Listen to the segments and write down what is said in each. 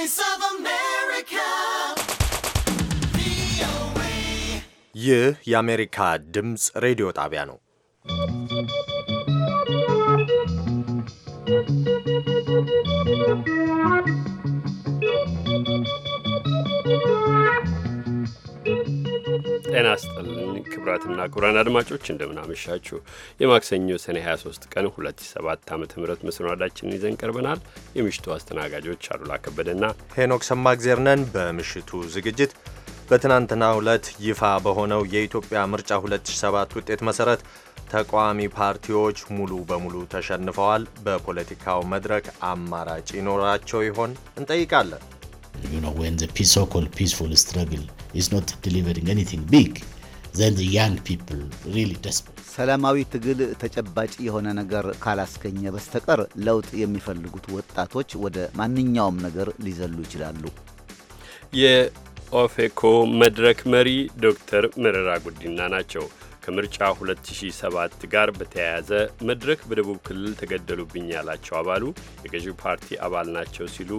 Voice of America. ይህ የአሜሪካ ድምፅ ሬዲዮ ጣቢያ ነው። ጤና ስጥልን ክብራትና ክቡራን አድማጮች እንደምናመሻችሁ። የማክሰኞ ሰኔ 23 ቀን 2007 ዓ ም መሰናዳችንን ይዘን ቀርበናል። የምሽቱ አስተናጋጆች አሉላ ከበደና ሄኖክ ሰማግዜርነን በምሽቱ ዝግጅት በትናንትና ዕለት ይፋ በሆነው የኢትዮጵያ ምርጫ 2007 ውጤት መሠረት ተቃዋሚ ፓርቲዎች ሙሉ በሙሉ ተሸንፈዋል። በፖለቲካው መድረክ አማራጭ ይኖራቸው ይሆን እንጠይቃለን። ሰላማዊ ትግል ተጨባጭ የሆነ ነገር ካላስገኘ በስተቀር ለውጥ የሚፈልጉት ወጣቶች ወደ ማንኛውም ነገር ሊዘሉ ይችላሉ። የኦፌኮ መድረክ መሪ ዶክተር መረራ ጉዲና ናቸው። ከምርጫ 2007 ጋር በተያያዘ መድረክ በደቡብ ክልል ተገደሉብኝ ያላቸው አባሉ የገዢው ፓርቲ አባል ናቸው ሲሉ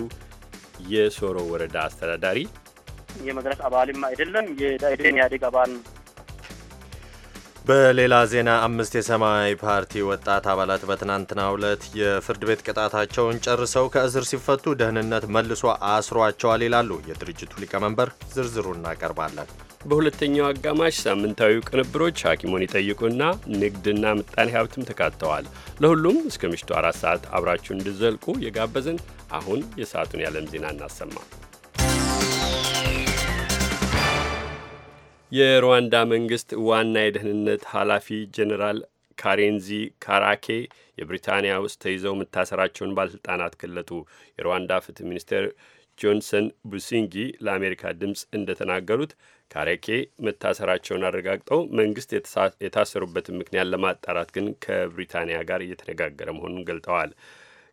የሶሮ ወረዳ አስተዳዳሪ የመድረክ አባልም አይደለም የዳይዴን ኢህአዴግ አባል ነው። በሌላ ዜና አምስት የሰማያዊ ፓርቲ ወጣት አባላት በትናንትናው ዕለት የፍርድ ቤት ቅጣታቸውን ጨርሰው ከእስር ሲፈቱ ደህንነት መልሶ አስሯቸዋል ይላሉ የድርጅቱ ሊቀመንበር። ዝርዝሩ እናቀርባለን። በሁለተኛው አጋማሽ ሳምንታዊ ቅንብሮች ሐኪሙን ይጠይቁና ንግድና ምጣኔ ሀብትም ተካተዋል። ለሁሉም እስከ ምሽቱ አራት ሰዓት አብራችሁ እንድዘልቁ የጋበዝን። አሁን የሰዓቱን የዓለም ዜና እናሰማ። የሩዋንዳ መንግስት ዋና የደህንነት ኃላፊ ጀኔራል ካሬንዚ ካራኬ የብሪታንያ ውስጥ ተይዘው መታሰራቸውን ባለሥልጣናት ገለጡ። የሩዋንዳ ፍትህ ሚኒስቴር ጆንሰን ቡሲንጊ ለአሜሪካ ድምፅ እንደተናገሩት ካሬኬ መታሰራቸውን አረጋግጠው መንግስት የታሰሩበትን ምክንያት ለማጣራት ግን ከብሪታንያ ጋር እየተነጋገረ መሆኑን ገልጠዋል።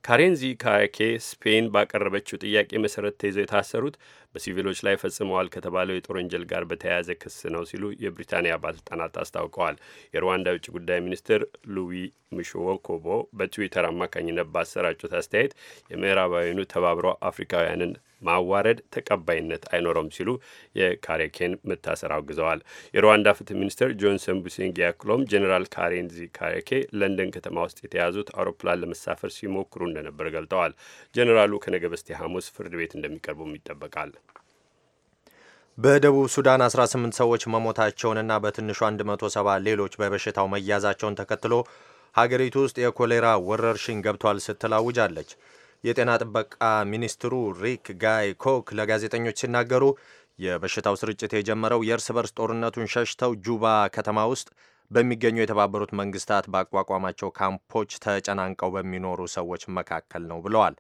ካሬንዚ ካያኬ ስፔን ባቀረበችው ጥያቄ መሰረት ተይዘው የታሰሩት በሲቪሎች ላይ ፈጽመዋል ከተባለው የጦር ወንጀል ጋር በተያያዘ ክስ ነው ሲሉ የብሪታንያ ባለስልጣናት አስታውቀዋል። የሩዋንዳ የውጭ ጉዳይ ሚኒስትር ሉዊ ምሾወኮቦ በትዊተር አማካኝነት ባሰራጩት አስተያየት የምዕራባውያኑ ተባብረው አፍሪካውያንን ማዋረድ ተቀባይነት አይኖረም ሲሉ የካሬኬን መታሰር አውግዘዋል። የሩዋንዳ ፍትህ ሚኒስትር ጆንሰን ቡሲንግ ያክሎም ጀኔራል ካሬንዚ ካሬኬ ለንደን ከተማ ውስጥ የተያዙት አውሮፕላን ለመሳፈር ሲሞክሩ እንደነበር ገልጠዋል። ጀኔራሉ ከነገ በስቲያ ሐሙስ ፍርድ ቤት እንደሚቀርቡም ይጠበቃል። በደቡብ ሱዳን 18 ሰዎች መሞታቸውንና በትንሹ 170 ሌሎች በበሽታው መያዛቸውን ተከትሎ ሀገሪቱ ውስጥ የኮሌራ ወረርሽኝ ገብቷል ስትል አውጃለች። የጤና ጥበቃ ሚኒስትሩ ሪክ ጋይ ኮክ ለጋዜጠኞች ሲናገሩ የበሽታው ስርጭት የጀመረው የእርስ በርስ ጦርነቱን ሸሽተው ጁባ ከተማ ውስጥ በሚገኙ የተባበሩት መንግስታት ባቋቋማቸው ካምፖች ተጨናንቀው በሚኖሩ ሰዎች መካከል ነው ብለዋል።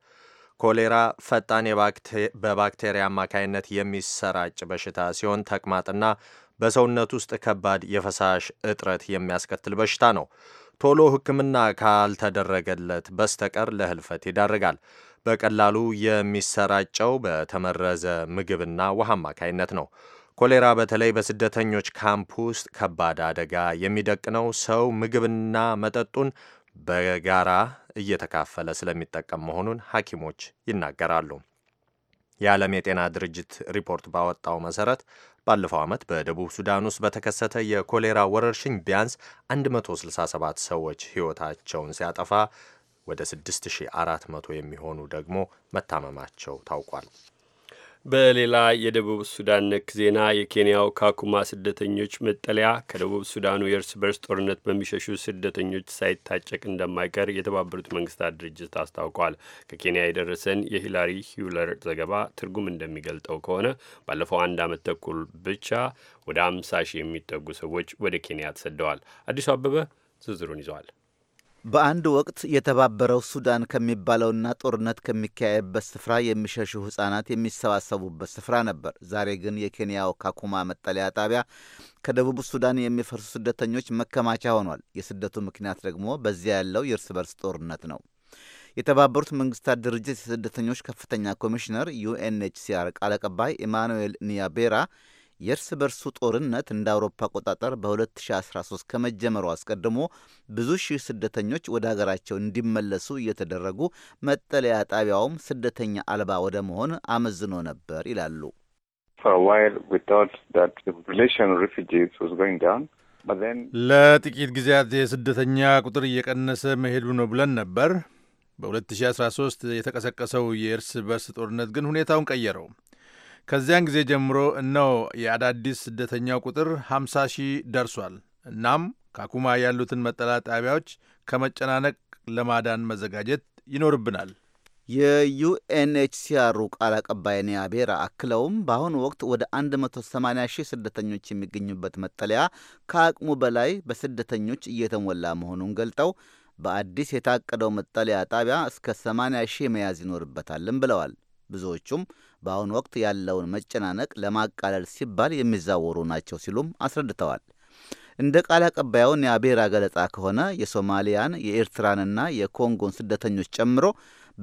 ኮሌራ ፈጣን በባክቴሪያ አማካይነት የሚሰራጭ በሽታ ሲሆን ተቅማጥና በሰውነት ውስጥ ከባድ የፈሳሽ እጥረት የሚያስከትል በሽታ ነው። ቶሎ ሕክምና ካልተደረገለት በስተቀር ለህልፈት ይዳርጋል። በቀላሉ የሚሰራጨው በተመረዘ ምግብና ውሃ አማካይነት ነው። ኮሌራ በተለይ በስደተኞች ካምፕ ውስጥ ከባድ አደጋ የሚደቅነው ሰው ምግብና መጠጡን በጋራ እየተካፈለ ስለሚጠቀም መሆኑን ሐኪሞች ይናገራሉ። የዓለም የጤና ድርጅት ሪፖርት ባወጣው መሠረት ባለፈው ዓመት በደቡብ ሱዳን ውስጥ በተከሰተ የኮሌራ ወረርሽኝ ቢያንስ 167 ሰዎች ሕይወታቸውን ሲያጠፋ ወደ 6400 የሚሆኑ ደግሞ መታመማቸው ታውቋል። በሌላ የደቡብ ሱዳን ነክ ዜና የኬንያው ካኩማ ስደተኞች መጠለያ ከደቡብ ሱዳኑ የእርስ በርስ ጦርነት በሚሸሹ ስደተኞች ሳይታጨቅ እንደማይቀር የተባበሩት መንግስታት ድርጅት አስታውቋል። ከኬንያ የደረሰን የሂላሪ ሂውለር ዘገባ ትርጉም እንደሚገልጠው ከሆነ ባለፈው አንድ ዓመት ተኩል ብቻ ወደ አምሳ ሺህ የሚጠጉ ሰዎች ወደ ኬንያ ተሰደዋል። አዲሱ አበበ ዝርዝሩን ይዘዋል። በአንድ ወቅት የተባበረው ሱዳን ከሚባለውና ጦርነት ከሚካሄድበት ስፍራ የሚሸሹ ሕፃናት የሚሰባሰቡበት ስፍራ ነበር። ዛሬ ግን የኬንያው ካኩማ መጠለያ ጣቢያ ከደቡብ ሱዳን የሚፈርሱ ስደተኞች መከማቻ ሆኗል። የስደቱ ምክንያት ደግሞ በዚያ ያለው የእርስ በርስ ጦርነት ነው። የተባበሩት መንግስታት ድርጅት የስደተኞች ከፍተኛ ኮሚሽነር ዩኤንኤችሲአር ቃል አቀባይ ኢማኑኤል ኒያቤራ የእርስ በርሱ ጦርነት እንደ አውሮፓ አቆጣጠር በ2013 ከመጀመሩ አስቀድሞ ብዙ ሺህ ስደተኞች ወደ አገራቸው እንዲመለሱ እየተደረጉ መጠለያ ጣቢያውም ስደተኛ አልባ ወደ መሆን አመዝኖ ነበር ይላሉ። ለጥቂት ጊዜያት የስደተኛ ቁጥር እየቀነሰ መሄዱ ነው ብለን ነበር። በ2013 የተቀሰቀሰው የእርስ በርስ ጦርነት ግን ሁኔታውን ቀየረው። ከዚያን ጊዜ ጀምሮ እነው የአዳዲስ ስደተኛው ቁጥር 50 ሺህ ደርሷል። እናም ካኩማ ያሉትን መጠለያ ጣቢያዎች ከመጨናነቅ ለማዳን መዘጋጀት ይኖርብናል። የዩኤንኤችሲአሩ ቃል አቀባይ ኒያቤራ አክለውም በአሁኑ ወቅት ወደ 180 ሺህ ስደተኞች የሚገኙበት መጠለያ ከአቅሙ በላይ በስደተኞች እየተሞላ መሆኑን ገልጠው በአዲስ የታቀደው መጠለያ ጣቢያ እስከ 80 ሺህ መያዝ ይኖርበታልም ብለዋል። ብዙዎቹም በአሁኑ ወቅት ያለውን መጨናነቅ ለማቃለል ሲባል የሚዛወሩ ናቸው ሲሉም አስረድተዋል። እንደ ቃል አቀባዩን የአብሔራ ገለጻ ከሆነ የሶማሊያን የኤርትራንና የኮንጎን ስደተኞች ጨምሮ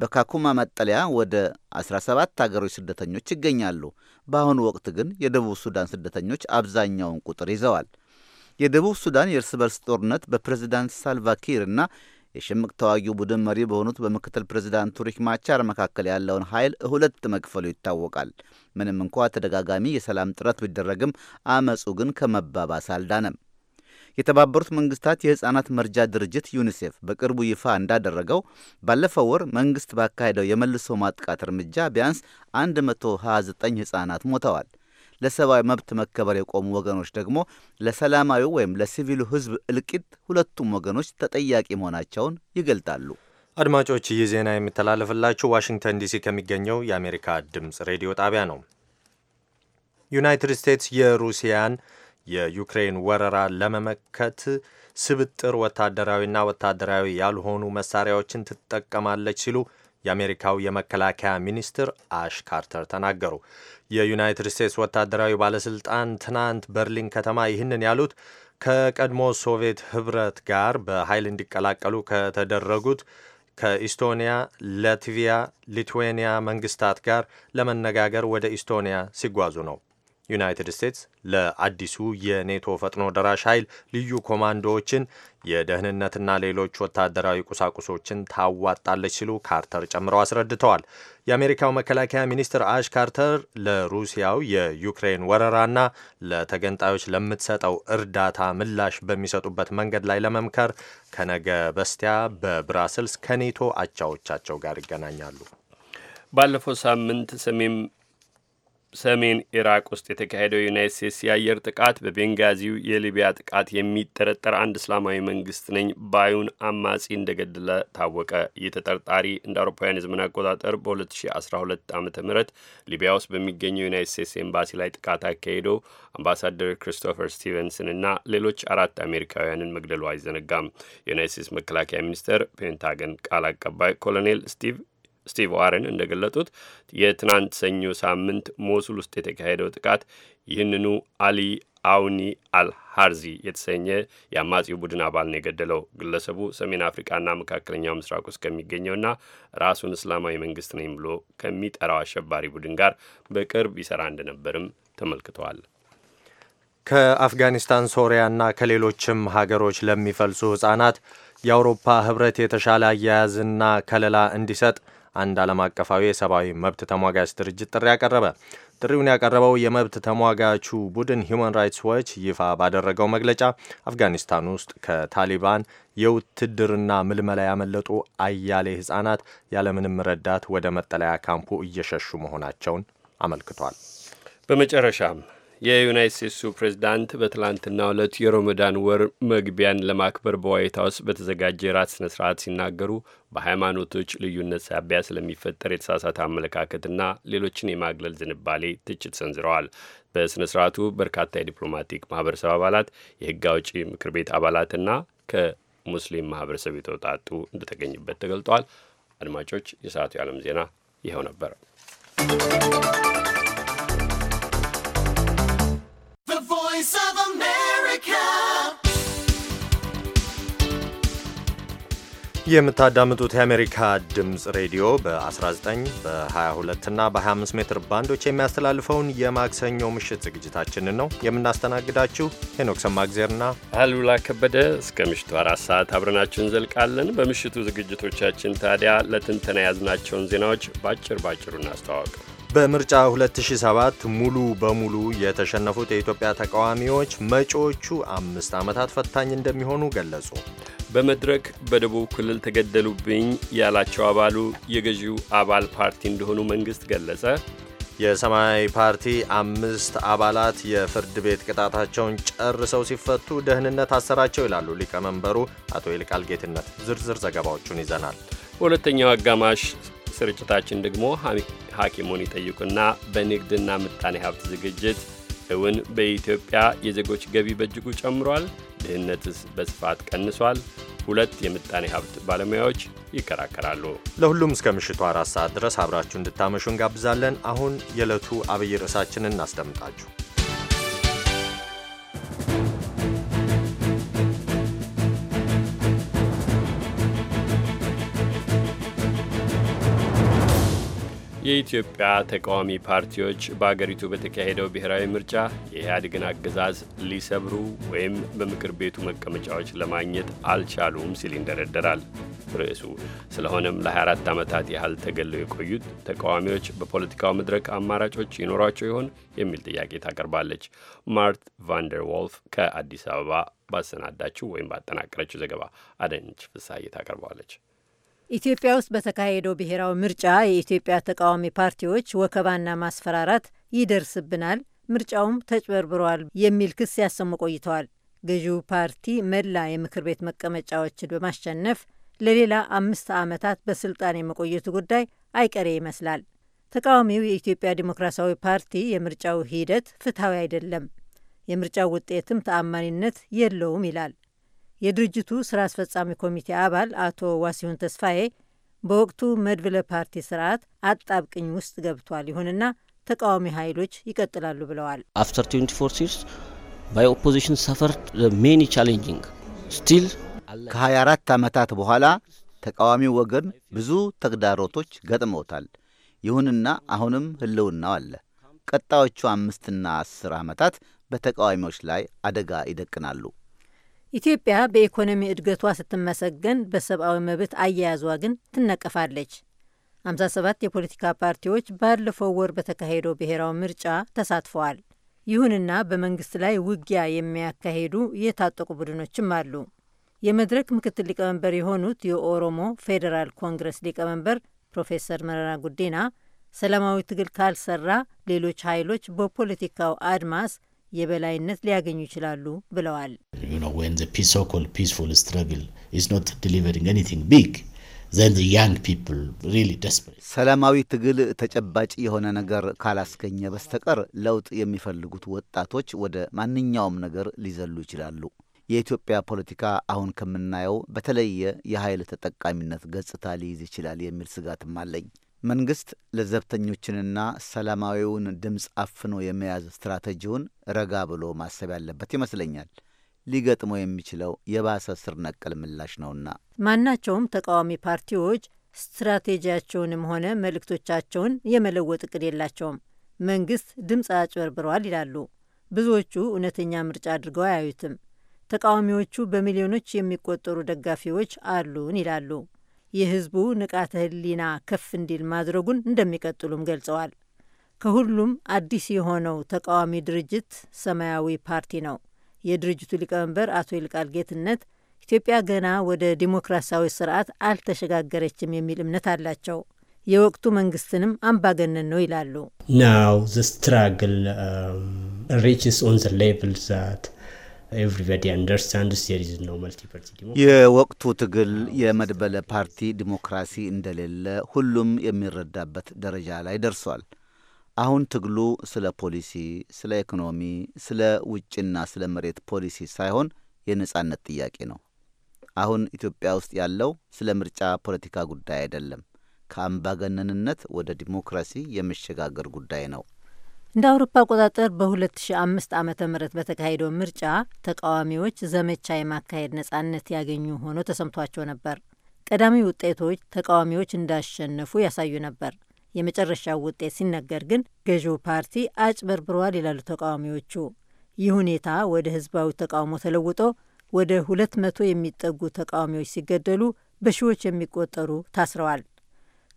በካኩማ መጠለያ ወደ 17 አገሮች ስደተኞች ይገኛሉ። በአሁኑ ወቅት ግን የደቡብ ሱዳን ስደተኞች አብዛኛውን ቁጥር ይዘዋል። የደቡብ ሱዳን የእርስ በርስ ጦርነት በፕሬዝዳንት ሳልቫኪር እና የሽምቅ ተዋጊው ቡድን መሪ በሆኑት በምክትል ፕሬዚዳንቱ ሪክ ማቻር መካከል ያለውን ኃይል ሁለት መክፈሉ ይታወቃል። ምንም እንኳ ተደጋጋሚ የሰላም ጥረት ቢደረግም አመፁ ግን ከመባባስ አልዳነም። የተባበሩት መንግስታት የሕፃናት መርጃ ድርጅት ዩኒሴፍ በቅርቡ ይፋ እንዳደረገው ባለፈው ወር መንግስት ባካሄደው የመልሶ ማጥቃት እርምጃ ቢያንስ 129 ሕፃናት ሞተዋል። ለሰብአዊ መብት መከበር የቆሙ ወገኖች ደግሞ ለሰላማዊ ወይም ለሲቪሉ ህዝብ እልቂት ሁለቱም ወገኖች ተጠያቂ መሆናቸውን ይገልጣሉ። አድማጮች፣ ይህ ዜና የሚተላለፍላችሁ ዋሽንግተን ዲሲ ከሚገኘው የአሜሪካ ድምፅ ሬዲዮ ጣቢያ ነው። ዩናይትድ ስቴትስ የሩሲያን የዩክሬን ወረራ ለመመከት ስብጥር ወታደራዊና ወታደራዊ ያልሆኑ መሳሪያዎችን ትጠቀማለች ሲሉ የአሜሪካው የመከላከያ ሚኒስትር አሽ ካርተር ተናገሩ። የዩናይትድ ስቴትስ ወታደራዊ ባለስልጣን ትናንት በርሊን ከተማ ይህንን ያሉት ከቀድሞ ሶቪየት ህብረት ጋር በኃይል እንዲቀላቀሉ ከተደረጉት ከኢስቶኒያ፣ ላትቪያ፣ ሊትዌኒያ መንግስታት ጋር ለመነጋገር ወደ ኢስቶኒያ ሲጓዙ ነው። ዩናይትድ ስቴትስ ለአዲሱ የኔቶ ፈጥኖ ደራሽ ኃይል ልዩ ኮማንዶዎችን፣ የደህንነትና ሌሎች ወታደራዊ ቁሳቁሶችን ታዋጣለች ሲሉ ካርተር ጨምረው አስረድተዋል። የአሜሪካው መከላከያ ሚኒስትር አሽ ካርተር ለሩሲያው የዩክሬን ወረራና ለተገንጣዮች ለምትሰጠው እርዳታ ምላሽ በሚሰጡበት መንገድ ላይ ለመምከር ከነገ በስቲያ በብራስልስ ከኔቶ አቻዎቻቸው ጋር ይገናኛሉ። ባለፈው ሳምንት ሰሜን ሰሜን ኢራቅ ውስጥ የተካሄደው የዩናይት ስቴትስ የአየር ጥቃት በቤንጋዚው የሊቢያ ጥቃት የሚጠረጠር አንድ እስላማዊ መንግስት ነኝ ባዩን አማጺ እንደገደለ ታወቀ። ይህ ተጠርጣሪ እንደ አውሮፓውያን የዘመን አቆጣጠር በ2012 ዓ ም ሊቢያ ውስጥ በሚገኘው ዩናይት ስቴትስ ኤምባሲ ላይ ጥቃት አካሄዶ አምባሳደር ክሪስቶፈር ስቲቨንስን እና ሌሎች አራት አሜሪካውያንን መግደሉ አይዘነጋም። የዩናይት ስቴትስ መከላከያ ሚኒስቴር ፔንታገን ቃል አቀባይ ኮሎኔል ስቲቭ ስቲቭ ዋረን እንደገለጡት የትናንት ሰኞ ሳምንት ሞሱል ውስጥ የተካሄደው ጥቃት ይህንኑ አሊ አውኒ አልሃርዚ የተሰኘ የአማጺው ቡድን አባል ነው የገደለው። ግለሰቡ ሰሜን አፍሪቃና መካከለኛው ምስራቅ ውስጥ ከሚገኘውና ራሱን እስላማዊ መንግስት ነኝ ብሎ ከሚጠራው አሸባሪ ቡድን ጋር በቅርብ ይሰራ እንደነበርም ተመልክተዋል። ከአፍጋኒስታን ሶሪያና ከሌሎችም ሀገሮች ለሚፈልሱ ህጻናት የአውሮፓ ህብረት የተሻለ አያያዝና ከለላ እንዲሰጥ አንድ ዓለም አቀፋዊ የሰብአዊ መብት ተሟጋች ድርጅት ጥሪ አቀረበ። ጥሪውን ያቀረበው የመብት ተሟጋቹ ቡድን ሂዩማን ራይትስ ዎች ይፋ ባደረገው መግለጫ አፍጋኒስታን ውስጥ ከታሊባን የውትድርና ምልመላ ያመለጡ አያሌ ሕጻናት ያለምንም ረዳት ወደ መጠለያ ካምፑ እየሸሹ መሆናቸውን አመልክቷል። በመጨረሻም የዩናይት ስቴትሱ ፕሬዚዳንት በትላንትና ዕለት የሮመዳን ወር መግቢያን ለማክበር በዋይት ሀውስ በተዘጋጀ የራት ስነ ስርዓት ሲናገሩ በሃይማኖቶች ልዩነት ሳቢያ ስለሚፈጠር የተሳሳተ አመለካከትና ሌሎችን የማግለል ዝንባሌ ትችት ሰንዝረዋል። በስነ ስርዓቱ በርካታ የዲፕሎማቲክ ማህበረሰብ አባላት፣ የህግ አውጪ ምክር ቤት አባላትና ከሙስሊም ማህበረሰብ የተውጣጡ እንደተገኝበት ተገልጧል። አድማጮች፣ የሰዓቱ የዓለም ዜና ይኸው ነበር። የምታዳምጡት የአሜሪካ ድምፅ ሬዲዮ በ19 በ22 እና በ25 ሜትር ባንዶች የሚያስተላልፈውን የማክሰኞ ምሽት ዝግጅታችንን ነው የምናስተናግዳችሁ። ሄኖክ ሰማግዜርና አሉላ ከበደ እስከ ምሽቱ አራት ሰዓት አብረናችሁ እንዘልቃለን። በምሽቱ ዝግጅቶቻችን ታዲያ ለትንተና የያዝናቸውን ዜናዎች ባጭር ባጭሩ እናስተዋወቅ። በምርጫ 2007 ሙሉ በሙሉ የተሸነፉት የኢትዮጵያ ተቃዋሚዎች መጪዎቹ አምስት ዓመታት ፈታኝ እንደሚሆኑ ገለጹ። በመድረክ በደቡብ ክልል ተገደሉብኝ ያላቸው አባሉ የገዢው አባል ፓርቲ እንደሆኑ መንግሥት ገለጸ። የሰማያዊ ፓርቲ አምስት አባላት የፍርድ ቤት ቅጣታቸውን ጨርሰው ሲፈቱ ደህንነት አሰራቸው ይላሉ ሊቀመንበሩ አቶ ይልቃል ጌትነት። ዝርዝር ዘገባዎቹን ይዘናል። በሁለተኛው አጋማሽ ስርጭታችን ደግሞ ሐኪሙን ይጠይቁና በንግድና ምጣኔ ሀብት ዝግጅት እውን በኢትዮጵያ የዜጎች ገቢ በእጅጉ ጨምሯል? ድህነትስ በስፋት ቀንሷል? ሁለት የምጣኔ ሀብት ባለሙያዎች ይከራከራሉ። ለሁሉም እስከ ምሽቱ አራት ሰዓት ድረስ አብራችሁ እንድታመሹ እንጋብዛለን። አሁን የዕለቱ አብይ ርዕሳችንን እናስደምጣችሁ። የኢትዮጵያ ተቃዋሚ ፓርቲዎች በአገሪቱ በተካሄደው ብሔራዊ ምርጫ የኢህአዴግን አገዛዝ ሊሰብሩ ወይም በምክር ቤቱ መቀመጫዎች ለማግኘት አልቻሉም ሲል ይንደረደራል ርዕሱ። ስለሆነም ለ24 ዓመታት ያህል ተገለው የቆዩት ተቃዋሚዎች በፖለቲካው መድረክ አማራጮች ይኖሯቸው ይሆን የሚል ጥያቄ ታቀርባለች። ማርት ቫንደር ዎልፍ ከአዲስ አበባ ባሰናዳችው ወይም ባጠናቀረችው ዘገባ አደንች ፍስሐዬ ታቀርበዋለች። ኢትዮጵያ ውስጥ በተካሄደው ብሔራዊ ምርጫ የኢትዮጵያ ተቃዋሚ ፓርቲዎች ወከባና ማስፈራራት ይደርስብናል፣ ምርጫውም ተጭበርብረዋል የሚል ክስ ያሰሙ ቆይተዋል። ገዢው ፓርቲ መላ የምክር ቤት መቀመጫዎችን በማሸነፍ ለሌላ አምስት ዓመታት በስልጣን የመቆየቱ ጉዳይ አይቀሬ ይመስላል። ተቃዋሚው የኢትዮጵያ ዲሞክራሲያዊ ፓርቲ የምርጫው ሂደት ፍትሐዊ አይደለም፣ የምርጫው ውጤትም ተአማኒነት የለውም ይላል። የድርጅቱ ስራ አስፈጻሚ ኮሚቴ አባል አቶ ዋሲሁን ተስፋዬ በወቅቱ መድብለ ፓርቲ ስርዓት አጣብቅኝ ውስጥ ገብቷል፣ ይሁንና ተቃዋሚ ኃይሎች ይቀጥላሉ ብለዋል። አፍተር 24 ሲርስ ባይ ኦፖዚሽን ሰፈር ሜኒ ቻሌንጂንግ ስቲል ከ24 ዓመታት በኋላ ተቃዋሚው ወገን ብዙ ተግዳሮቶች ገጥመውታል። ይሁንና አሁንም ህልውናው አለ። ቀጣዮቹ አምስትና አስር ዓመታት በተቃዋሚዎች ላይ አደጋ ይደቅናሉ። ኢትዮጵያ በኢኮኖሚ እድገቷ ስትመሰገን በሰብአዊ መብት አያያዟ ግን ትነቀፋለች። 57 የፖለቲካ ፓርቲዎች ባለፈው ወር በተካሄደው ብሔራዊ ምርጫ ተሳትፈዋል። ይሁንና በመንግስት ላይ ውጊያ የሚያካሂዱ የታጠቁ ቡድኖችም አሉ። የመድረክ ምክትል ሊቀመንበር የሆኑት የኦሮሞ ፌዴራል ኮንግረስ ሊቀመንበር ፕሮፌሰር መረራ ጉዲና ሰላማዊ ትግል ካልሰራ ሌሎች ኃይሎች በፖለቲካው አድማስ የበላይነት ሊያገኙ ይችላሉ ብለዋል። ሰላማዊ ትግል ተጨባጭ የሆነ ነገር ካላስገኘ በስተቀር ለውጥ የሚፈልጉት ወጣቶች ወደ ማንኛውም ነገር ሊዘሉ ይችላሉ። የኢትዮጵያ ፖለቲካ አሁን ከምናየው በተለየ የኃይል ተጠቃሚነት ገጽታ ሊይዝ ይችላል የሚል ስጋትም አለኝ። መንግስት ለዘብተኞችንና ሰላማዊውን ድምፅ አፍኖ የመያዝ ስትራቴጂውን ረጋ ብሎ ማሰብ ያለበት ይመስለኛል። ሊገጥመው የሚችለው የባሰ ስር ነቀል ምላሽ ነውና ማናቸውም ተቃዋሚ ፓርቲዎች ስትራቴጂያቸውንም ሆነ መልእክቶቻቸውን የመለወጥ እቅድ የላቸውም። መንግስት ድምፅ አጭበርብረዋል ይላሉ። ብዙዎቹ እውነተኛ ምርጫ አድርገው አያዩትም። ተቃዋሚዎቹ በሚሊዮኖች የሚቆጠሩ ደጋፊዎች አሉን ይላሉ። የህዝቡ ንቃተ ህሊና ከፍ እንዲል ማድረጉን እንደሚቀጥሉም ገልጸዋል። ከሁሉም አዲስ የሆነው ተቃዋሚ ድርጅት ሰማያዊ ፓርቲ ነው። የድርጅቱ ሊቀመንበር አቶ ይልቃል ጌትነት ኢትዮጵያ ገና ወደ ዲሞክራሲያዊ ስርዓት አልተሸጋገረችም የሚል እምነት አላቸው። የወቅቱ መንግስትንም አምባገነን ነው ይላሉ። ናው ዘ ስትራግል ሪችስ ኦን ዘ ሌቭል ዛት የወቅቱ ትግል የመድበለ ፓርቲ ዲሞክራሲ እንደሌለ ሁሉም የሚረዳበት ደረጃ ላይ ደርሷል። አሁን ትግሉ ስለ ፖሊሲ፣ ስለ ኢኮኖሚ፣ ስለ ውጭና ስለ መሬት ፖሊሲ ሳይሆን የነጻነት ጥያቄ ነው። አሁን ኢትዮጵያ ውስጥ ያለው ስለ ምርጫ ፖለቲካ ጉዳይ አይደለም። ከአምባገነንነት ወደ ዲሞክራሲ የመሸጋገር ጉዳይ ነው። እንደ አውሮፓ አቆጣጠር በ2005 ዓ ም በተካሄደው ምርጫ ተቃዋሚዎች ዘመቻ የማካሄድ ነጻነት ያገኙ ሆኖ ተሰምቷቸው ነበር። ቀዳሚ ውጤቶች ተቃዋሚዎች እንዳሸነፉ ያሳዩ ነበር። የመጨረሻው ውጤት ሲነገር ግን ገዢው ፓርቲ በርብረዋል ይላሉ ተቃዋሚዎቹ። ይህ ሁኔታ ወደ ህዝባዊ ተቃውሞ ተለውጦ ወደ ሁለት መቶ የሚጠጉ ተቃዋሚዎች ሲገደሉ በሺዎች የሚቆጠሩ ታስረዋል።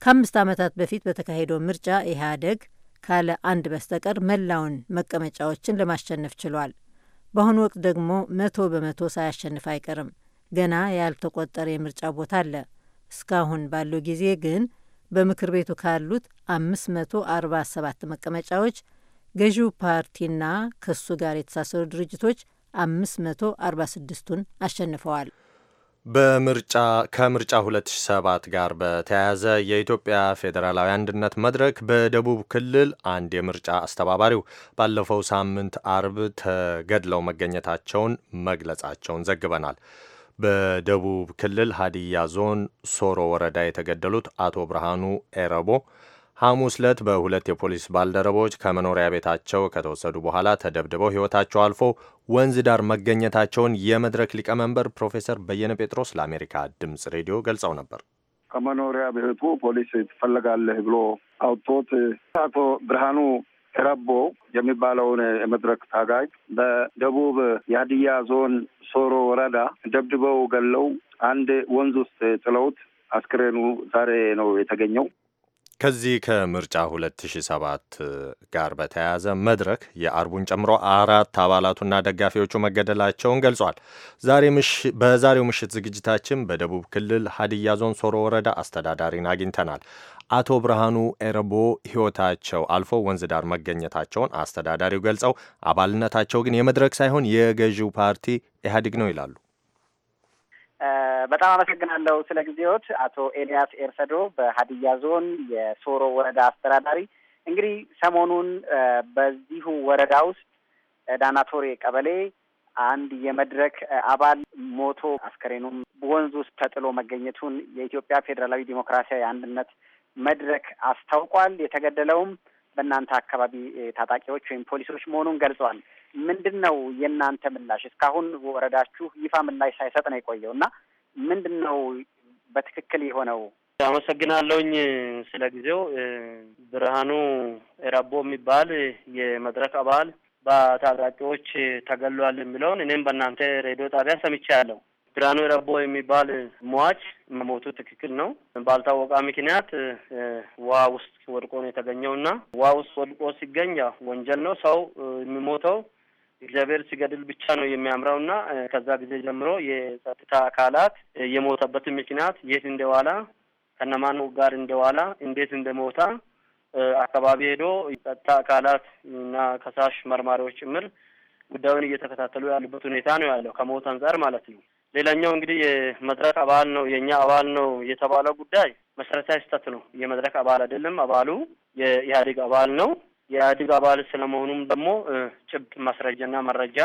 ከአምስት ዓመታት በፊት በተካሄደው ምርጫ ኢህአደግ ካለ አንድ በስተቀር መላውን መቀመጫዎችን ለማሸነፍ ችሏል። በአሁኑ ወቅት ደግሞ መቶ በመቶ ሳያሸንፍ አይቀርም። ገና ያልተቆጠረ የምርጫ ቦታ አለ። እስካሁን ባለው ጊዜ ግን በምክር ቤቱ ካሉት 547 መቀመጫዎች ገዢው ፓርቲና ከሱ ጋር የተሳሰሩ ድርጅቶች 546ቱን አሸንፈዋል። በምርጫ ከምርጫ 2007 ጋር በተያያዘ የኢትዮጵያ ፌዴራላዊ አንድነት መድረክ በደቡብ ክልል አንድ የምርጫ አስተባባሪው ባለፈው ሳምንት አርብ ተገድለው መገኘታቸውን መግለጻቸውን ዘግበናል። በደቡብ ክልል ሀዲያ ዞን ሶሮ ወረዳ የተገደሉት አቶ ብርሃኑ ኤረቦ ሐሙስ ዕለት በሁለት የፖሊስ ባልደረቦች ከመኖሪያ ቤታቸው ከተወሰዱ በኋላ ተደብድበው ሕይወታቸው አልፎ ወንዝ ዳር መገኘታቸውን የመድረክ ሊቀመንበር ፕሮፌሰር በየነ ጴጥሮስ ለአሜሪካ ድምፅ ሬዲዮ ገልጸው ነበር። ከመኖሪያ ቤቱ ፖሊስ ትፈለጋለህ ብሎ አውጥቶት አቶ ብርሃኑ ረቦ የሚባለውን የመድረክ ታጋጅ በደቡብ የሀዲያ ዞን ሶሮ ወረዳ ደብድበው ገለው አንድ ወንዝ ውስጥ ጥለውት አስክሬኑ ዛሬ ነው የተገኘው። ከዚህ ከምርጫ 2007 ጋር በተያያዘ መድረክ የአርቡን ጨምሮ አራት አባላቱና ደጋፊዎቹ መገደላቸውን ገልጿል። በዛሬው ምሽት ዝግጅታችን በደቡብ ክልል ሀዲያ ዞን ሶሮ ወረዳ አስተዳዳሪን አግኝተናል። አቶ ብርሃኑ ኤረቦ ሕይወታቸው አልፎ ወንዝ ዳር መገኘታቸውን አስተዳዳሪው ገልጸው አባልነታቸው ግን የመድረክ ሳይሆን የገዢው ፓርቲ ኢህአዴግ ነው ይላሉ። በጣም አመሰግናለሁ ስለ ጊዜዎት አቶ ኤልያስ ኤርሰዶ በሀዲያ ዞን የሶሮ ወረዳ አስተዳዳሪ። እንግዲህ ሰሞኑን በዚሁ ወረዳ ውስጥ ዳናቶሬ ቀበሌ አንድ የመድረክ አባል ሞቶ አስከሬኑም በወንዝ ውስጥ ተጥሎ መገኘቱን የኢትዮጵያ ፌዴራላዊ ዲሞክራሲያዊ አንድነት መድረክ አስታውቋል። የተገደለውም በእናንተ አካባቢ ታጣቂዎች ወይም ፖሊሶች መሆኑን ገልጸዋል። ምንድን ነው የእናንተ ምላሽ? እስካሁን ወረዳችሁ ይፋ ምላሽ ሳይሰጥ ነው የቆየው እና ምንድን ነው በትክክል የሆነው? አመሰግናለሁኝ ስለ ጊዜው። ብርሃኑ ኤራቦ የሚባል የመድረክ አባል በታጣቂዎች ተገሏል የሚለውን እኔም በእናንተ ሬዲዮ ጣቢያ ሰምቼ ያለው ብርሃኑ ኤራቦ የሚባል ሟች መሞቱ ትክክል ነው። ባልታወቃ ምክንያት ውሃ ውስጥ ወድቆ ነው የተገኘው እና ውሃ ውስጥ ወድቆ ሲገኝ ወንጀል ነው። ሰው የሚሞተው እግዚአብሔር ሲገድል ብቻ ነው የሚያምረው እና ከዛ ጊዜ ጀምሮ የጸጥታ አካላት የሞተበትን ምክንያት የት እንደዋላ ከነማን ጋር እንደዋላ እንዴት እንደሞታ አካባቢ ሄዶ የጸጥታ አካላት እና ከሳሽ መርማሪዎች ጭምር ጉዳዩን እየተከታተሉ ያሉበት ሁኔታ ነው ያለው ከሞት አንጻር ማለት ነው። ሌላኛው እንግዲህ የመድረክ አባል ነው የእኛ አባል ነው የተባለው ጉዳይ መሰረታዊ ስህተት ነው። የመድረክ አባል አይደለም። አባሉ የኢህአዴግ አባል ነው። የኢህአዴግ አባል ስለመሆኑም ደግሞ ጭብጥ ማስረጃና መረጃ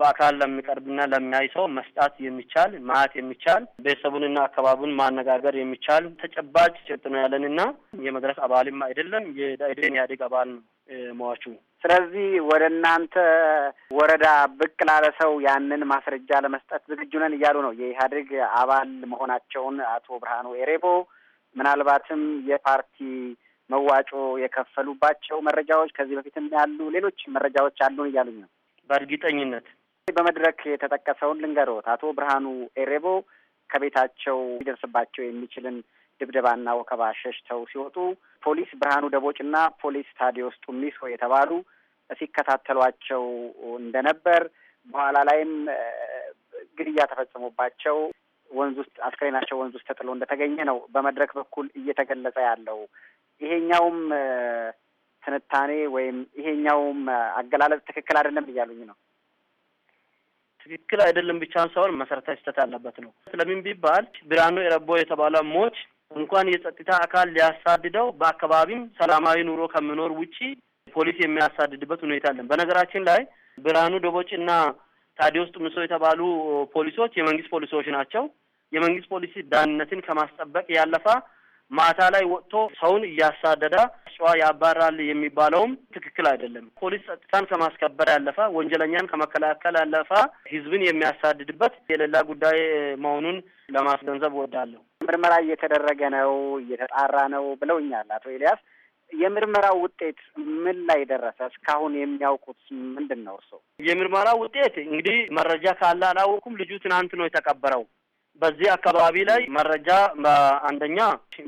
በአካል ለሚቀርብና ለሚያይ ሰው መስጣት የሚቻል ማየት የሚቻል ቤተሰቡንና አካባቢውን ማነጋገር የሚቻል ተጨባጭ ጭብጥ ነው ያለንና የመድረክ አባልም አይደለም የዳይዴን የኢህአዴግ አባል ነው መዋቹ። ስለዚህ ወደ እናንተ ወረዳ ብቅ ላለ ሰው ያንን ማስረጃ ለመስጠት ዝግጁ ነን እያሉ ነው የኢህአዴግ አባል መሆናቸውን አቶ ብርሃኑ ኤሬቦ ምናልባትም የፓርቲ መዋጮ የከፈሉባቸው መረጃዎች ከዚህ በፊትም ያሉ ሌሎች መረጃዎች አሉን እያሉኝ ነው። በእርግጠኝነት በመድረክ የተጠቀሰውን ልንገሮት። አቶ ብርሃኑ ኤሬቦ ከቤታቸው ሊደርስባቸው የሚችልን ድብደባና ወከባ ሸሽተው ሲወጡ ፖሊስ ብርሃኑ ደቦጭና ፖሊስ ታዲዮስ ጡሚሶ የተባሉ ሲከታተሏቸው እንደነበር በኋላ ላይም ግድያ ተፈጽሞባቸው ወንዝ ውስጥ አስክሬናቸው ወንዝ ውስጥ ተጥሎ እንደተገኘ ነው በመድረክ በኩል እየተገለጸ ያለው። ይሄኛውም ትንታኔ ወይም ይሄኛውም አገላለጽ ትክክል አይደለም እያሉኝ ነው። ትክክል አይደለም ብቻ ሳይሆን መሰረታዊ ስህተት ያለበት ነው። ስለምን ቢባል ብርሃኑ ኤረቦ የተባለ ሞች እንኳን የጸጥታ አካል ሊያሳድደው በአካባቢም ሰላማዊ ኑሮ ከመኖር ውጪ ፖሊስ የሚያሳድድበት ሁኔታ አለን። በነገራችን ላይ ብርሃኑ ደቦጭ እና ውስጥ ምሶ የተባሉ ፖሊሶች የመንግስት ፖሊሶች ናቸው። የመንግስት ፖሊሲ ዳንነትን ከማስጠበቅ ያለፋ ማታ ላይ ወጥቶ ሰውን እያሳደደ ጨዋ ያባራል የሚባለውም ትክክል አይደለም። ፖሊስ ጸጥታን ከማስከበር ያለፈ ወንጀለኛን ከመከላከል ያለፈ ህዝብን የሚያሳድድበት የሌላ ጉዳይ መሆኑን ለማስገንዘብ እወዳለሁ። ምርመራ እየተደረገ ነው፣ እየተጣራ ነው ብለውኛል አቶ ኤልያስ። የምርመራው ውጤት ምን ላይ ደረሰ? እስካሁን የሚያውቁት ምንድን ነው? እርስዎ የምርመራው ውጤት እንግዲህ መረጃ ካለ አላወቁም። ልጁ ትናንት ነው የተቀበረው። በዚህ አካባቢ ላይ መረጃ በአንደኛ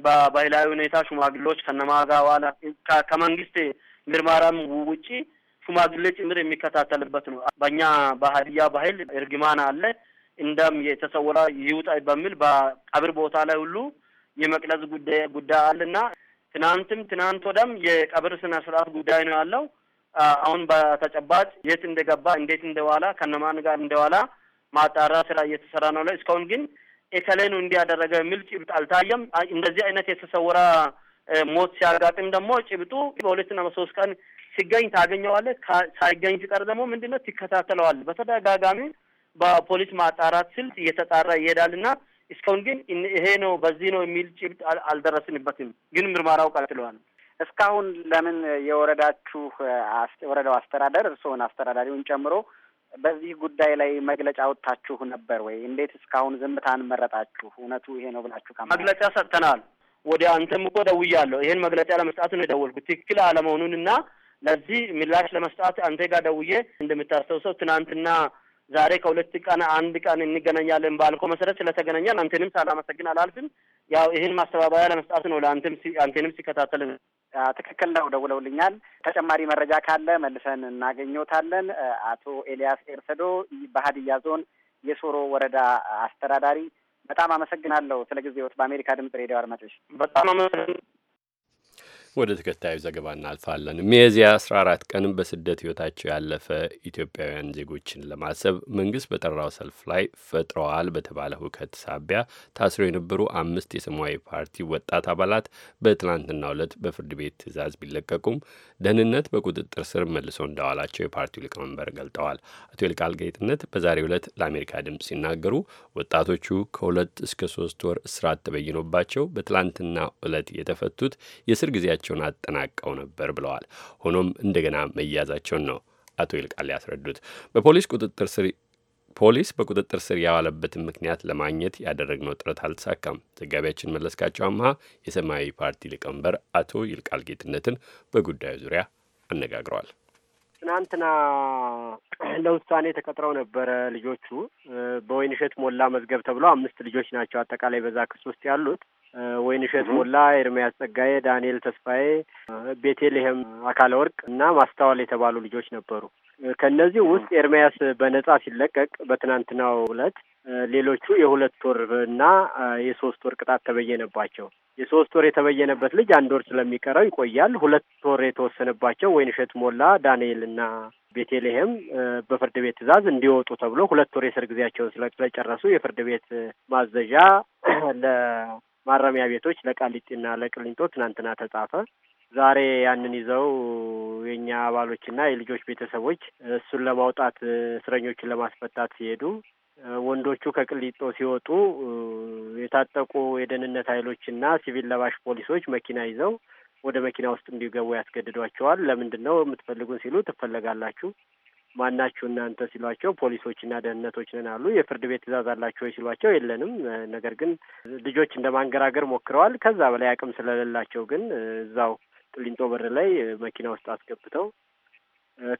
በባህላዊ ሁኔታ ሽማግሌዎች ከነማጋ ዋላ ከመንግስት ምርመራም ውጪ ሽማግሌ ጭምር የሚከታተልበት ነው። በእኛ በሀዲያ ባህል እርግማን አለ። እንደም የተሰወራ ይውጣ በሚል በቀብር ቦታ ላይ ሁሉ የመቅለጽ ጉዳይ ጉዳይ አለና ትናንትም ትናንት ወደም የቀብር ስነ ስርዓት ጉዳይ ነው ያለው። አሁን በተጨባጭ የት እንደገባ እንዴት እንደዋላ ከነማን ጋር እንደዋላ ማጣራ ስራ እየተሰራ ነው ላይ እስካሁን ግን ኤከሌኑ እንዲያደረገ የሚል ጭብጥ አልታየም። እንደዚህ አይነት የተሰወራ ሞት ሲያጋጥም ደግሞ ጭብጡ በሁለትና በሶስት ቀን ሲገኝ ታገኘዋለህ። ሳይገኝ ሲቀር ደግሞ ምንድነው ትከታተለዋል። በተደጋጋሚ በፖሊስ ማጣራት ስልት እየተጣራ ይሄዳልና እስካሁን ግን ይሄ ነው በዚህ ነው የሚል ጭብጥ አልደረስንበትም። ግን ምርመራው ቀጥለዋል። እስካሁን ለምን የወረዳችሁ ወረዳው አስተዳደር እርስዎን አስተዳዳሪውን ጨምሮ በዚህ ጉዳይ ላይ መግለጫ ወጥታችሁ ነበር ወይ? እንዴት እስካሁን ዝምታን መረጣችሁ? እውነቱ ይሄ ነው ብላችሁ ከማ መግለጫ ሰጥተናል። ወደ አንተም እኮ ደውያለሁ። ይሄን መግለጫ ለመስጣት ነው የደወልኩት ትክክል አለመሆኑን እና ለዚህ ምላሽ ለመስጣት አንተ ጋር ደውዬ እንደምታስታውሰው ትናንትና ዛሬ ከሁለት ቀን አንድ ቀን እንገናኛለን ባልኮ መሰረት ስለተገናኛል አንተንም ሳላመሰግን አላልፍም። ያው ይህን ማስተባበያ ለመስጣት ነው ለአንተም አንተንም ሲከታተል ትክክል ነው፣ ደውለውልኛል። ተጨማሪ መረጃ ካለ መልሰን እናገኘታለን። አቶ ኤልያስ ኤርሰዶ በሀዲያ ዞን የሶሮ ወረዳ አስተዳዳሪ፣ በጣም አመሰግናለሁ ስለ ጊዜዎት። በአሜሪካ ድምጽ ሬዲዮ አድማጮች በጣም አመሰግናለሁ። ወደ ተከታዩ ዘገባ እናልፋለን። ሚያዝያ 14 ቀን በስደት ህይወታቸው ያለፈ ኢትዮጵያውያን ዜጎችን ለማሰብ መንግስት በጠራው ሰልፍ ላይ ፈጥረዋል በተባለ ሁከት ሳቢያ ታስረው የነበሩ አምስት የሰማያዊ ፓርቲ ወጣት አባላት በትናንትናው ዕለት በፍርድ ቤት ትዕዛዝ ቢለቀቁም ደህንነት በቁጥጥር ስር መልሶ እንዳዋላቸው የፓርቲው ሊቀመንበር ገልጠዋል። አቶ ይልቃል ጌትነት በዛሬው ዕለት ለአሜሪካ ድምፅ ሲናገሩ ወጣቶቹ ከሁለት እስከ ሶስት ወር እስራት ተበይኖባቸው በትላንትና ዕለት የተፈቱት የእስር ጊዜያቸው ምርመራቸውን አጠናቀው ነበር ብለዋል። ሆኖም እንደገና መያዛቸውን ነው አቶ ይልቃል ያስረዱት። በፖሊስ ቁጥጥር ስር ፖሊስ በቁጥጥር ስር ያዋለበትን ምክንያት ለማግኘት ያደረግነው ጥረት አልተሳካም። ዘጋቢያችን መለስካቸው አምሃ የሰማያዊ ፓርቲ ሊቀመንበር አቶ ይልቃል ጌትነትን በጉዳዩ ዙሪያ አነጋግረዋል። ትናንትና ለውሳኔ ተቀጥረው ነበረ። ልጆቹ በወይንሸት ሞላ መዝገብ ተብሎ አምስት ልጆች ናቸው አጠቃላይ በዛ ክስ ውስጥ ያሉት ወይንሸት ሞላ፣ ኤርሚያስ ጸጋዬ፣ ዳንኤል ተስፋዬ፣ ቤቴልሄም አካለ ወርቅ እና ማስተዋል የተባሉ ልጆች ነበሩ። ከእነዚህ ውስጥ ኤርሚያስ በነጻ ሲለቀቅ በትናንትናው ዕለት ሌሎቹ የሁለት ወር እና የሶስት ወር ቅጣት ተበየነባቸው። የሶስት ወር የተበየነበት ልጅ አንድ ወር ስለሚቀረው ይቆያል። ሁለት ወር የተወሰነባቸው ወይንሸት ሞላ፣ ዳንኤል እና ቤቴልሄም በፍርድ ቤት ትዕዛዝ እንዲወጡ ተብሎ ሁለት ወር የእስር ጊዜያቸውን ስለጨረሱ የፍርድ ቤት ማዘዣ ማረሚያ ቤቶች ለቃሊቲና ለቅሊንጦ ትናንትና ተጻፈ። ዛሬ ያንን ይዘው የእኛ አባሎችና የልጆች ቤተሰቦች እሱን ለማውጣት እስረኞችን ለማስፈታት ሲሄዱ ወንዶቹ ከቅሊጦ ሲወጡ የታጠቁ የደህንነት ኃይሎችና ሲቪል ለባሽ ፖሊሶች መኪና ይዘው ወደ መኪና ውስጥ እንዲገቡ ያስገድዷቸዋል። ለምንድን ነው የምትፈልጉን ሲሉ ትፈለጋላችሁ፣ ማናችሁ እናንተ ሲሏቸው ፖሊሶችና ደህንነቶች ነን አሉ። የፍርድ ቤት ትእዛዝ አላቸው ወይ ሲሏቸው የለንም፣ ነገር ግን ልጆች እንደ ማንገራገር ሞክረዋል። ከዛ በላይ አቅም ስለሌላቸው ግን እዛው ቅሊንጦ በር ላይ መኪና ውስጥ አስገብተው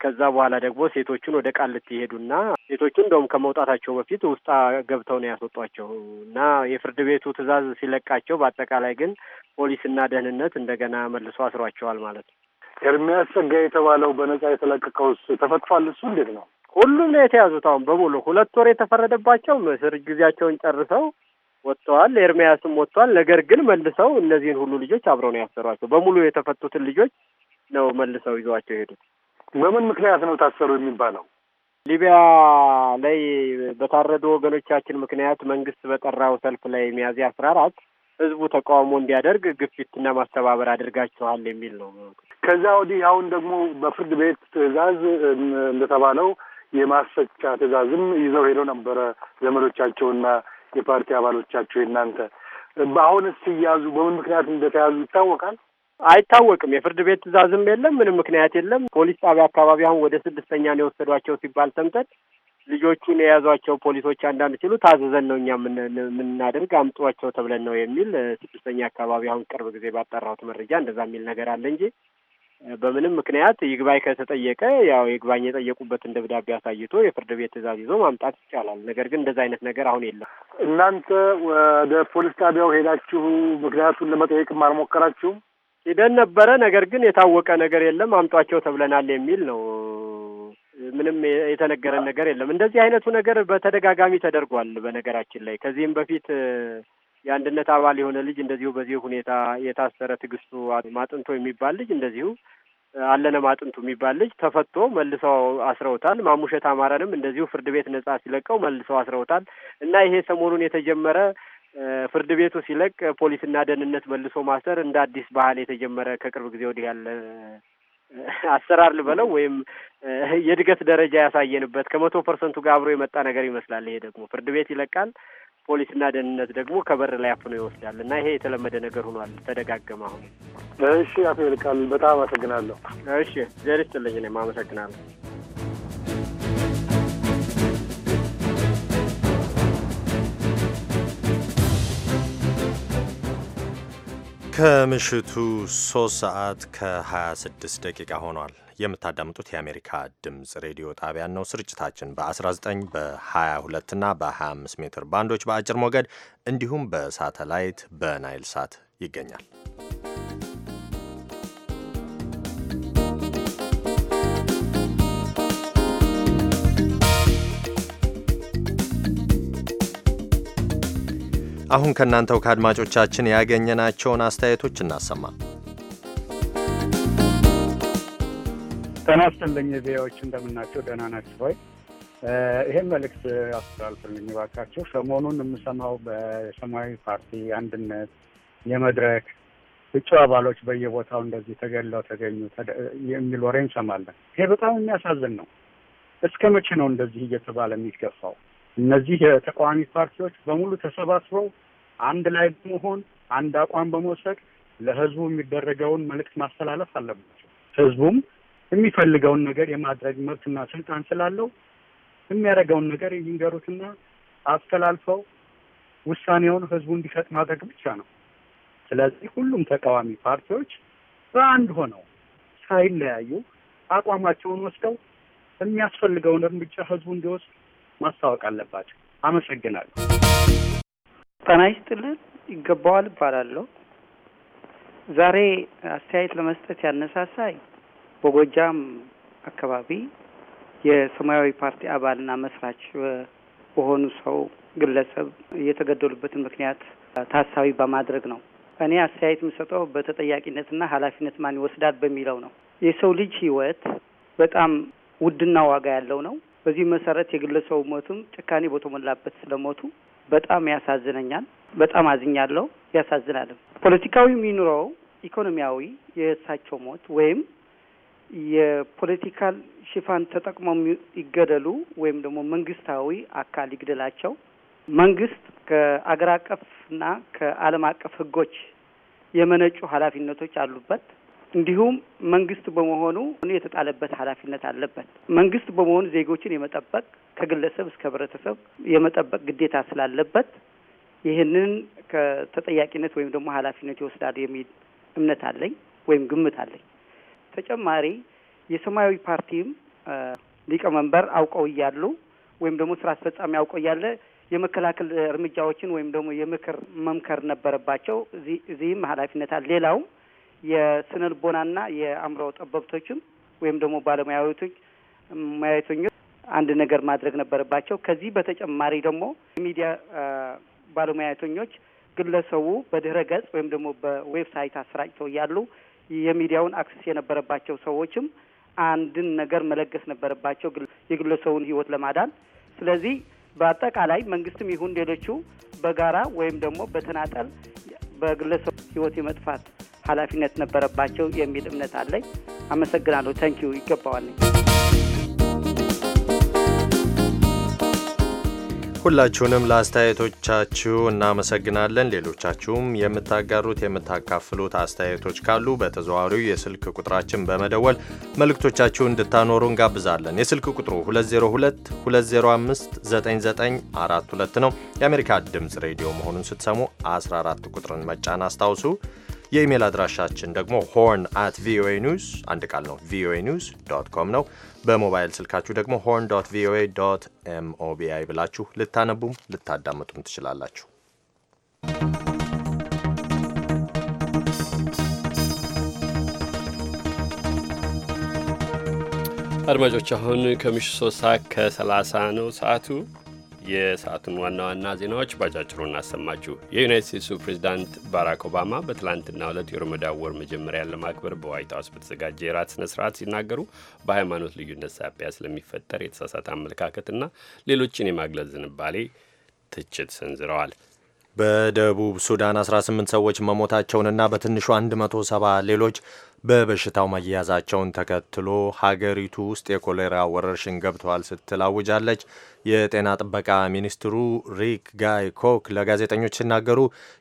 ከዛ በኋላ ደግሞ ሴቶቹን ወደ ቃል ልትሄዱና ሴቶቹ እንደውም ከመውጣታቸው በፊት ውስጥ ገብተው ነው ያስወጧቸው እና የፍርድ ቤቱ ትእዛዝ ሲለቃቸው፣ በአጠቃላይ ግን ፖሊስና ደህንነት እንደገና መልሶ አስሯቸዋል ማለት ነው። ኤርሚያስ ጸጋ የተባለው በነጻ የተለቀቀው ተፈቷል? እሱ እንዴት ነው? ሁሉም ነው የተያዙት አሁን በሙሉ ሁለት ወር የተፈረደባቸው እስር ጊዜያቸውን ጨርሰው ወጥተዋል። ኤርሚያስም ወጥቷል። ነገር ግን መልሰው እነዚህን ሁሉ ልጆች አብረው ነው ያሰሯቸው። በሙሉ የተፈቱትን ልጆች ነው መልሰው ይዘዋቸው የሄዱት። በምን ምክንያት ነው ታሰሩ የሚባለው? ሊቢያ ላይ በታረዱ ወገኖቻችን ምክንያት መንግስት በጠራው ሰልፍ ላይ ሚያዝያ አስራ አራት ህዝቡ ተቃውሞ እንዲያደርግ ግፊትና ማስተባበር አድርጋችኋል የሚል ነው። ከዛ ወዲህ አሁን ደግሞ በፍርድ ቤት ትዕዛዝ እንደተባለው የማስፈቻ ትዕዛዝም ይዘው ሄደው ነበረ ዘመዶቻቸውና የፓርቲ አባሎቻቸው የእናንተ በአሁን ሲያዙ በምን ምክንያት እንደተያዙ ይታወቃል? አይታወቅም። የፍርድ ቤት ትዕዛዝም የለም፣ ምንም ምክንያት የለም። ፖሊስ ጣቢያ አካባቢ አሁን ወደ ስድስተኛ ነው የወሰዷቸው ሲባል ሰምተን ልጆቹን የያዟቸው ፖሊሶች አንዳንድ ሲሉ ታዘዘን ነው እኛ የምናደርግ አምጧቸው ተብለን ነው የሚል ስድስተኛ አካባቢ አሁን ቅርብ ጊዜ ባጠራሁት መረጃ እንደዛ የሚል ነገር አለ እንጂ በምንም ምክንያት ይግባኝ ከተጠየቀ ያው ይግባኝ የጠየቁበትን ደብዳቤ አሳይቶ የፍርድ ቤት ትዕዛዝ ይዞ ማምጣት ይቻላል። ነገር ግን እንደዛ አይነት ነገር አሁን የለም። እናንተ ወደ ፖሊስ ጣቢያው ሄዳችሁ ምክንያቱን ለመጠየቅም አልሞከራችሁም? ሂደን ነበረ። ነገር ግን የታወቀ ነገር የለም። አምጧቸው ተብለናል የሚል ነው ምንም የተነገረን ነገር የለም። እንደዚህ አይነቱ ነገር በተደጋጋሚ ተደርጓል። በነገራችን ላይ ከዚህም በፊት የአንድነት አባል የሆነ ልጅ እንደዚሁ በዚህ ሁኔታ የታሰረ ትዕግስቱ ማጥንቶ የሚባል ልጅ እንደዚሁ አለነ ማጥንቱ የሚባል ልጅ ተፈቶ መልሰው አስረውታል። ማሙሸት አማረንም እንደዚሁ ፍርድ ቤት ነጻ ሲለቀው መልሰው አስረውታል እና ይሄ ሰሞኑን የተጀመረ ፍርድ ቤቱ ሲለቅ ፖሊስና ደህንነት መልሶ ማሰር እንደ አዲስ ባህል የተጀመረ ከቅርብ ጊዜ ወዲህ ያለ አሰራር ልበለው ወይም የእድገት ደረጃ ያሳየንበት ከመቶ ፐርሰንቱ ጋር አብሮ የመጣ ነገር ይመስላል። ይሄ ደግሞ ፍርድ ቤት ይለቃል፣ ፖሊስና ደህንነት ደግሞ ከበር ላይ አፍኖ ይወስዳል እና ይሄ የተለመደ ነገር ሆኗል። ተደጋገመ አሁን። እሺ፣ አቶ ይልቃል በጣም አመሰግናለሁ። እሺ፣ ዘር እኔም አመሰግናለሁ። ከምሽቱ 3 ሰዓት ከ26 ደቂቃ ሆኗል። የምታዳምጡት የአሜሪካ ድምፅ ሬዲዮ ጣቢያን ነው። ስርጭታችን በ19 በ22 እና በ25 ሜትር ባንዶች በአጭር ሞገድ እንዲሁም በሳተላይት በናይል ሳት ይገኛል። አሁን ከእናንተው ከአድማጮቻችን ያገኘናቸውን አስተያየቶች እናሰማ። ጤና ይስጥልኝ ቪዎች እንደምናቸው ደህና ናችሁ ሆይ? ይህን መልእክት አስተላልፍልኝ ባካቸው ሰሞኑን የምሰማው በሰማያዊ ፓርቲ አንድነት የመድረክ እጩ አባሎች በየቦታው እንደዚህ ተገለው ተገኙ የሚል ወሬ እንሰማለን። ይሄ በጣም የሚያሳዝን ነው። እስከ መቼ ነው እንደዚህ እየተባለ የሚገፋው? እነዚህ የተቃዋሚ ፓርቲዎች በሙሉ ተሰባስበው አንድ ላይ በመሆን አንድ አቋም በመውሰድ ለህዝቡ የሚደረገውን መልእክት ማስተላለፍ አለባቸው። ህዝቡም የሚፈልገውን ነገር የማድረግ መብትና ስልጣን ስላለው የሚያደርገውን ነገር ይንገሩትና አስተላልፈው ውሳኔውን ህዝቡ እንዲሰጥ ማድረግ ብቻ ነው። ስለዚህ ሁሉም ተቃዋሚ ፓርቲዎች በአንድ ሆነው ሳይለያዩ አቋማቸውን ወስደው የሚያስፈልገውን እርምጃ ህዝቡ እንዲወስድ ማስታወቅ አለባቸው። አመሰግናለሁ። ጤና ይስጥልን። ይገባዋል እባላለሁ። ዛሬ አስተያየት ለመስጠት ያነሳሳይ በጎጃም አካባቢ የሰማያዊ ፓርቲ አባልና መስራች በሆኑ ሰው ግለሰብ የተገደሉበትን ምክንያት ታሳቢ በማድረግ ነው። እኔ አስተያየት የምሰጠው በተጠያቂነትና ኃላፊነት ማን ይወስዳል በሚለው ነው። የሰው ልጅ ሕይወት በጣም ውድና ዋጋ ያለው ነው። በዚህ መሰረት የግለሰቡ ሞትም ጭካኔ በተሞላበት ስለሞቱ በጣም ያሳዝነኛል። በጣም አዝኛለሁ። ያሳዝናልም። ፖለቲካዊ የሚኑረው ኢኮኖሚያዊ የእሳቸው ሞት ወይም የፖለቲካል ሽፋን ተጠቅመው ይገደሉ ወይም ደግሞ መንግስታዊ አካል ይግደላቸው። መንግስት ከአገር አቀፍና ከዓለም አቀፍ ህጎች የመነጩ ኃላፊነቶች አሉበት። እንዲሁም መንግስት በመሆኑ የተጣለበት ኃላፊነት አለበት። መንግስት በመሆኑ ዜጎችን የመጠበቅ ከግለሰብ እስከ ህብረተሰብ የመጠበቅ ግዴታ ስላለበት ይህንን ከተጠያቂነት ወይም ደግሞ ኃላፊነት ይወስዳል የሚል እምነት አለኝ ወይም ግምት አለኝ። ተጨማሪ የሰማያዊ ፓርቲም ሊቀመንበር አውቀው እያሉ ወይም ደግሞ ስራ አስፈጻሚ አውቀው እያለ የመከላከል እርምጃዎችን ወይም ደግሞ የምክር መምከር ነበረባቸው። እዚህም ኃላፊነት አለ። ሌላውም የስነ ልቦናና የአእምሮ ጠበብቶችም ወይም ደግሞ ባለሙያዊቶች ሙያዊተኞች አንድ ነገር ማድረግ ነበረባቸው። ከዚህ በተጨማሪ ደግሞ የሚዲያ ባለሙያቶኞች ግለሰቡ በድህረ ገጽ ወይም ደግሞ በዌብሳይት አሰራጭተው እያሉ የሚዲያውን አክሰስ የነበረባቸው ሰዎችም አንድን ነገር መለገስ ነበረባቸው የግለሰቡን ህይወት ለማዳን። ስለዚህ በአጠቃላይ መንግስትም ይሁን ሌሎቹ በጋራ ወይም ደግሞ በተናጠል በግለሰቡ ህይወት የመጥፋት ኃላፊነት ነበረባቸው የሚል እምነት አለኝ። አመሰግናለሁ። ተንኪዩ ይገባዋል። ሁላችሁንም ለአስተያየቶቻችሁ እናመሰግናለን። ሌሎቻችሁም የምታጋሩት የምታካፍሉት አስተያየቶች ካሉ በተዘዋዋሪው የስልክ ቁጥራችን በመደወል መልእክቶቻችሁ እንድታኖሩ እንጋብዛለን። የስልክ ቁጥሩ 2022059942 ነው። የአሜሪካ ድምፅ ሬዲዮ መሆኑን ስትሰሙ 14 ቁጥርን መጫን አስታውሱ። የኢሜል አድራሻችን ደግሞ ሆርን አት ቪኦኤ ኒውስ አንድ ቃል ነው ቪኦኤ ኒውስ ዶት ኮም ነው። በሞባይል ስልካችሁ ደግሞ ሆርን ዶት ቪኦኤ ዶት ኤምኦቢአይ ብላችሁ ልታነቡም ልታዳምጡም ትችላላችሁ። አድማጮች አሁን ከምሽቱ ሶስት ሰዓት ከ30 ነው ሰዓቱ። የሰዓቱን ዋና ዋና ዜናዎች ባጫጭሩ እናሰማችሁ። የዩናይት ስቴትሱ ፕሬዚዳንት ባራክ ኦባማ በትላንትና ዕለት የረመዳን ወር መጀመሪያን ለማክበር በዋይት ሀውስ በተዘጋጀ የራት ስነ ስርዓት ሲናገሩ በሃይማኖት ልዩነት ሳቢያ ስለሚፈጠር የተሳሳተ አመለካከትና ሌሎችን የማግለል ዝንባሌ ትችት ሰንዝረዋል። በደቡብ ሱዳን 18 ሰዎች መሞታቸውንና በትንሹ 170 ሌሎች በበሽታው መያዛቸውን ተከትሎ ሀገሪቱ ውስጥ የኮሌራ ወረርሽኝ ገብተዋል ስትል አውጃለች። የጤና ጥበቃ ሚኒስትሩ ሪክ ጋይ ኮክ ለጋዜጠኞች ሲናገሩ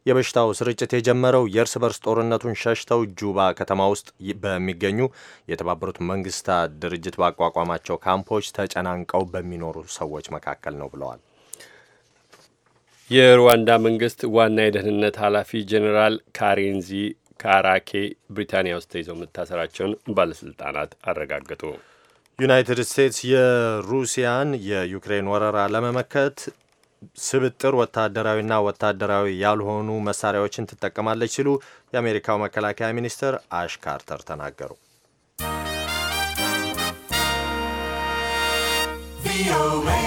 የበሽታው ስርጭት የጀመረው የእርስ በርስ ጦርነቱን ሸሽተው ጁባ ከተማ ውስጥ በሚገኙ የተባበሩት መንግስታት ድርጅት ባቋቋማቸው ካምፖች ተጨናንቀው በሚኖሩ ሰዎች መካከል ነው ብለዋል። የሩዋንዳ መንግስት ዋና የደህንነት ኃላፊ ጄኔራል ካሬንዚ ከአራኬ ብሪታንያ ውስጥ ተይዘው መታሰራቸውን ባለስልጣናት አረጋገጡ። ዩናይትድ ስቴትስ የሩሲያን የዩክሬን ወረራ ለመመከት ስብጥር ወታደራዊና ወታደራዊ ያልሆኑ መሳሪያዎችን ትጠቀማለች ሲሉ የአሜሪካው መከላከያ ሚኒስትር አሽ ካርተር ተናገሩ። ቪኦኤ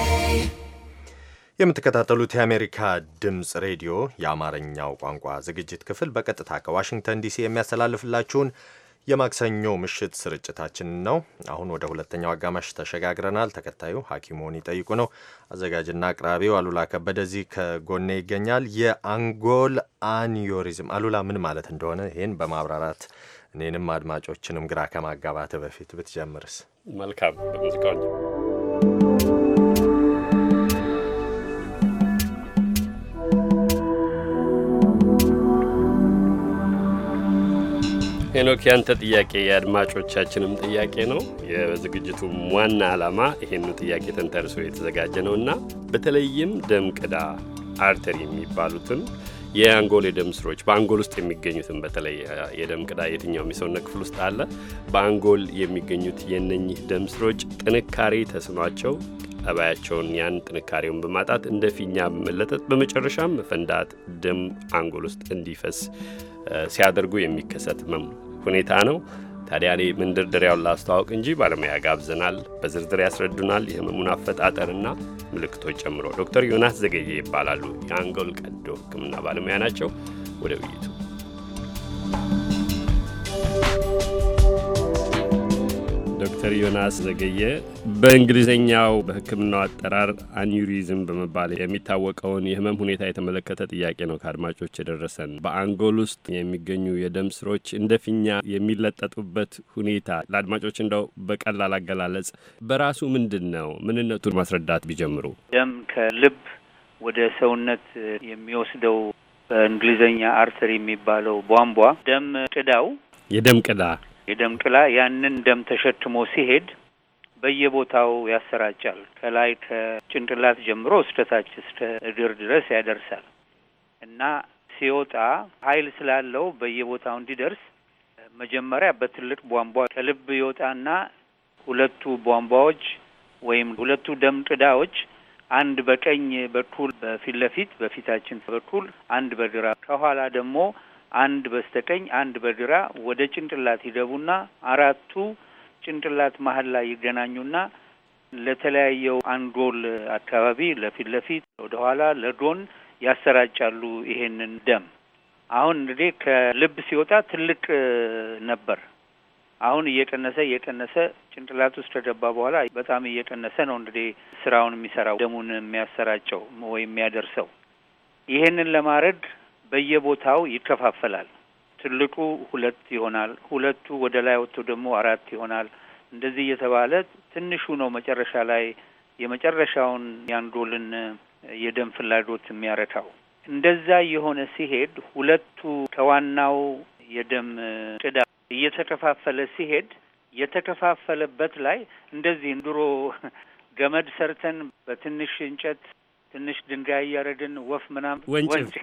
የምትከታተሉት የአሜሪካ ድምፅ ሬዲዮ የአማርኛው ቋንቋ ዝግጅት ክፍል በቀጥታ ከዋሽንግተን ዲሲ የሚያስተላልፍላችሁን የማክሰኞ ምሽት ስርጭታችን ነው። አሁን ወደ ሁለተኛው አጋማሽ ተሸጋግረናል። ተከታዩ ሐኪሞን ይጠይቁ ነው። አዘጋጅና አቅራቢው አሉላ ከበደ እዚህ ከጎኔ ይገኛል። የአንጎል አኒዮሪዝም አሉላ ምን ማለት እንደሆነ ይህን በማብራራት እኔንም አድማጮችንም ግራ ከማጋባት በፊት ብትጀምርስ መልካም። ሄኖክ፣ ያንተ ጥያቄ የአድማጮቻችንም ጥያቄ ነው። የዝግጅቱ ዋና ዓላማ ይሄኑ ጥያቄ ተንተርሶ የተዘጋጀ ነው እና በተለይም ደም ቅዳ አርተሪ የሚባሉትን የአንጎል የደም ስሮች በአንጎል ውስጥ የሚገኙትን በተለይ የደም ቅዳ የትኛውም የሰውነት ክፍል ውስጥ አለ። በአንጎል የሚገኙት የነኚህ ደም ስሮች ጥንካሬ ተስኗቸው ጠባያቸውን ያን ጥንካሬውን በማጣት እንደ ፊኛ መለጠጥ፣ በመጨረሻም መፈንዳት፣ ደም አንጎል ውስጥ እንዲፈስ ሲያደርጉ የሚከሰት መሙ ሁኔታ ነው። ታዲያ እኔ መንደርደሪያውን ላስተዋወቅ እንጂ ባለሙያ ጋብዘናል። በዝርዝር ያስረዱናል የህመሙን አፈጣጠርና ምልክቶች ጨምሮ። ዶክተር ዮናስ ዘገየ ይባላሉ። የአንጎል ቀዶ ህክምና ባለሙያ ናቸው። ወደ ውይይቱ ዶክተር ዮናስ ዘገየ በእንግሊዝኛው በሕክምናው አጠራር አኒሪዝም በመባል የሚታወቀውን የህመም ሁኔታ የተመለከተ ጥያቄ ነው ከአድማጮች የደረሰን። በአንጎል ውስጥ የሚገኙ የደም ስሮች እንደ ፊኛ የሚለጠጡበት ሁኔታ ለአድማጮች እንደው በቀላል አገላለጽ በራሱ ምንድን ነው? ምንነቱን ማስረዳት ቢጀምሩ። ደም ከልብ ወደ ሰውነት የሚወስደው በእንግሊዝኛ አርተሪ የሚባለው ቧንቧ ደም ቅዳው የደም ቅዳ የደም ጥላ ያንን ደም ተሸትሞ ሲሄድ በየቦታው ያሰራጫል። ከላይ ከጭንቅላት ጀምሮ እስከ ታች እስከ እግር ድረስ ያደርሳል እና ሲወጣ ኃይል ስላለው በየቦታው እንዲደርስ መጀመሪያ በትልቅ ቧንቧ ከልብ ይወጣና ሁለቱ ቧንቧዎች ወይም ሁለቱ ደም ጥዳዎች አንድ በቀኝ በኩል በፊት ለፊት በፊታችን በኩል አንድ በግራ ከኋላ ደግሞ አንድ በስተቀኝ አንድ በግራ ወደ ጭንቅላት ይገቡና አራቱ ጭንቅላት መሀል ላይ ይገናኙና ለተለያየው አንጎል አካባቢ ለፊት ለፊት፣ ወደኋላ ለዶን ለጎን ያሰራጫሉ ይሄንን ደም። አሁን እንግዲህ ከልብ ሲወጣ ትልቅ ነበር። አሁን እየቀነሰ እየቀነሰ ጭንቅላት ውስጥ ከገባ በኋላ በጣም እየቀነሰ ነው እንግዲህ ስራውን የሚሰራው ደሙን የሚያሰራጨው ወይም የሚያደርሰው። ይሄንን ለማድረግ በየቦታው ይከፋፈላል። ትልቁ ሁለት ይሆናል። ሁለቱ ወደ ላይ ወጥቶ ደግሞ አራት ይሆናል። እንደዚህ እየተባለ ትንሹ ነው መጨረሻ ላይ የመጨረሻውን የአንዶልን የደም ፍላጎት የሚያረካው። እንደዛ የሆነ ሲሄድ ሁለቱ ከዋናው የደም ቅዳ እየተከፋፈለ ሲሄድ የተከፋፈለበት ላይ እንደዚህ እንድሮ ገመድ ሰርተን በትንሽ እንጨት ትንሽ ድንጋይ እያረድን ወፍ ምናምን ወንጭፍ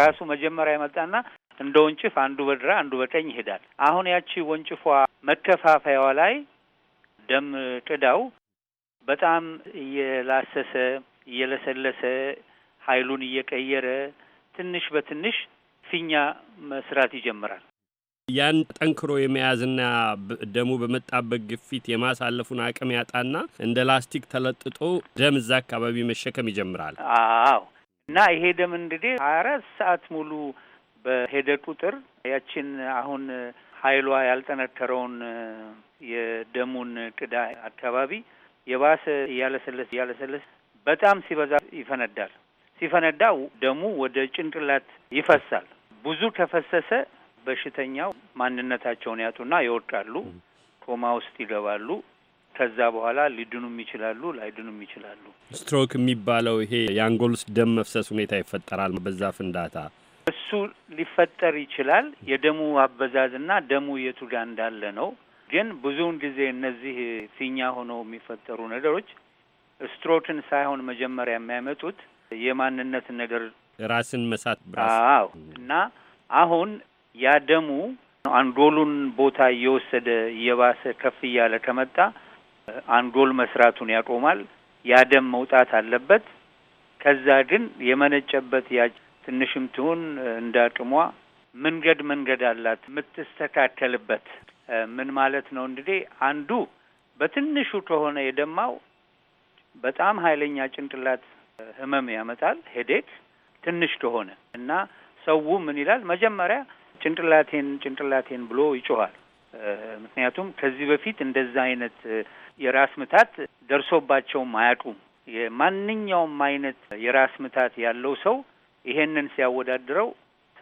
ራሱ መጀመሪያ የመጣና እንደ ወንጭፍ አንዱ በድራ አንዱ በቀኝ ይሄዳል። አሁን ያቺ ወንጭፏ መከፋፈያዋ ላይ ደም ቅዳው በጣም እየላሰሰ እየለሰለሰ ኃይሉን እየቀየረ ትንሽ በትንሽ ፊኛ መስራት ይጀምራል። ያን ጠንክሮ የመያዝና ደሙ በመጣበት ግፊት የማሳለፉን አቅም ያጣና እንደ ላስቲክ ተለጥጦ ደም እዛ አካባቢ መሸከም ይጀምራል። አዎ እና ይሄ ደም እንግዲህ ሀያ አራት ሰዓት ሙሉ በሄደ ቁጥር ያችን አሁን ኃይሏ ያልጠነከረውን የደሙን ቅዳ አካባቢ የባሰ እያለሰለስ እያለሰለስ በጣም ሲበዛ ይፈነዳል። ሲፈነዳ ደሙ ወደ ጭንቅላት ይፈሳል። ብዙ ከፈሰሰ በሽተኛው ማንነታቸውን ያጡና ይወድቃሉ፣ ኮማ ውስጥ ይገባሉ። ከዛ በኋላ ሊድኑም ይችላሉ፣ ላይድኑም ይችላሉ። ስትሮክ የሚባለው ይሄ የአንጎል ውስጥ ደም መፍሰስ ሁኔታ ይፈጠራል በዛ ፍንዳታ። እሱ ሊፈጠር ይችላል። የደሙ አበዛዝና ደሙ የቱ ጋር እንዳለ ነው። ግን ብዙውን ጊዜ እነዚህ ፊኛ ሆነው የሚፈጠሩ ነገሮች ስትሮክን ሳይሆን መጀመሪያ የሚያመጡት የማንነት ነገር ራስን መሳት፣ ብራስ እና አሁን ያ ደሙ አንዶሉን ቦታ እየወሰደ እየባሰ ከፍ እያለ ከመጣ አንዶል መስራቱን ያቆማል። ያ ደም መውጣት አለበት። ከዛ ግን የመነጨበት ያ ትንሽም ትሁን እንደ አቅሟ መንገድ መንገድ አላት የምትስተካከልበት። ምን ማለት ነው እንግዲህ አንዱ በትንሹ ከሆነ የደማው በጣም ኃይለኛ ጭንቅላት ህመም ያመጣል ሄዴክ ትንሽ ከሆነ እና ሰው ምን ይላል መጀመሪያ ጭንቅላቴን ጭንቅላቴን ብሎ ይጮኋል። ምክንያቱም ከዚህ በፊት እንደዛ አይነት የራስ ምታት ደርሶባቸውም አያውቁም። የማንኛውም አይነት የራስ ምታት ያለው ሰው ይሄንን ሲያወዳድረው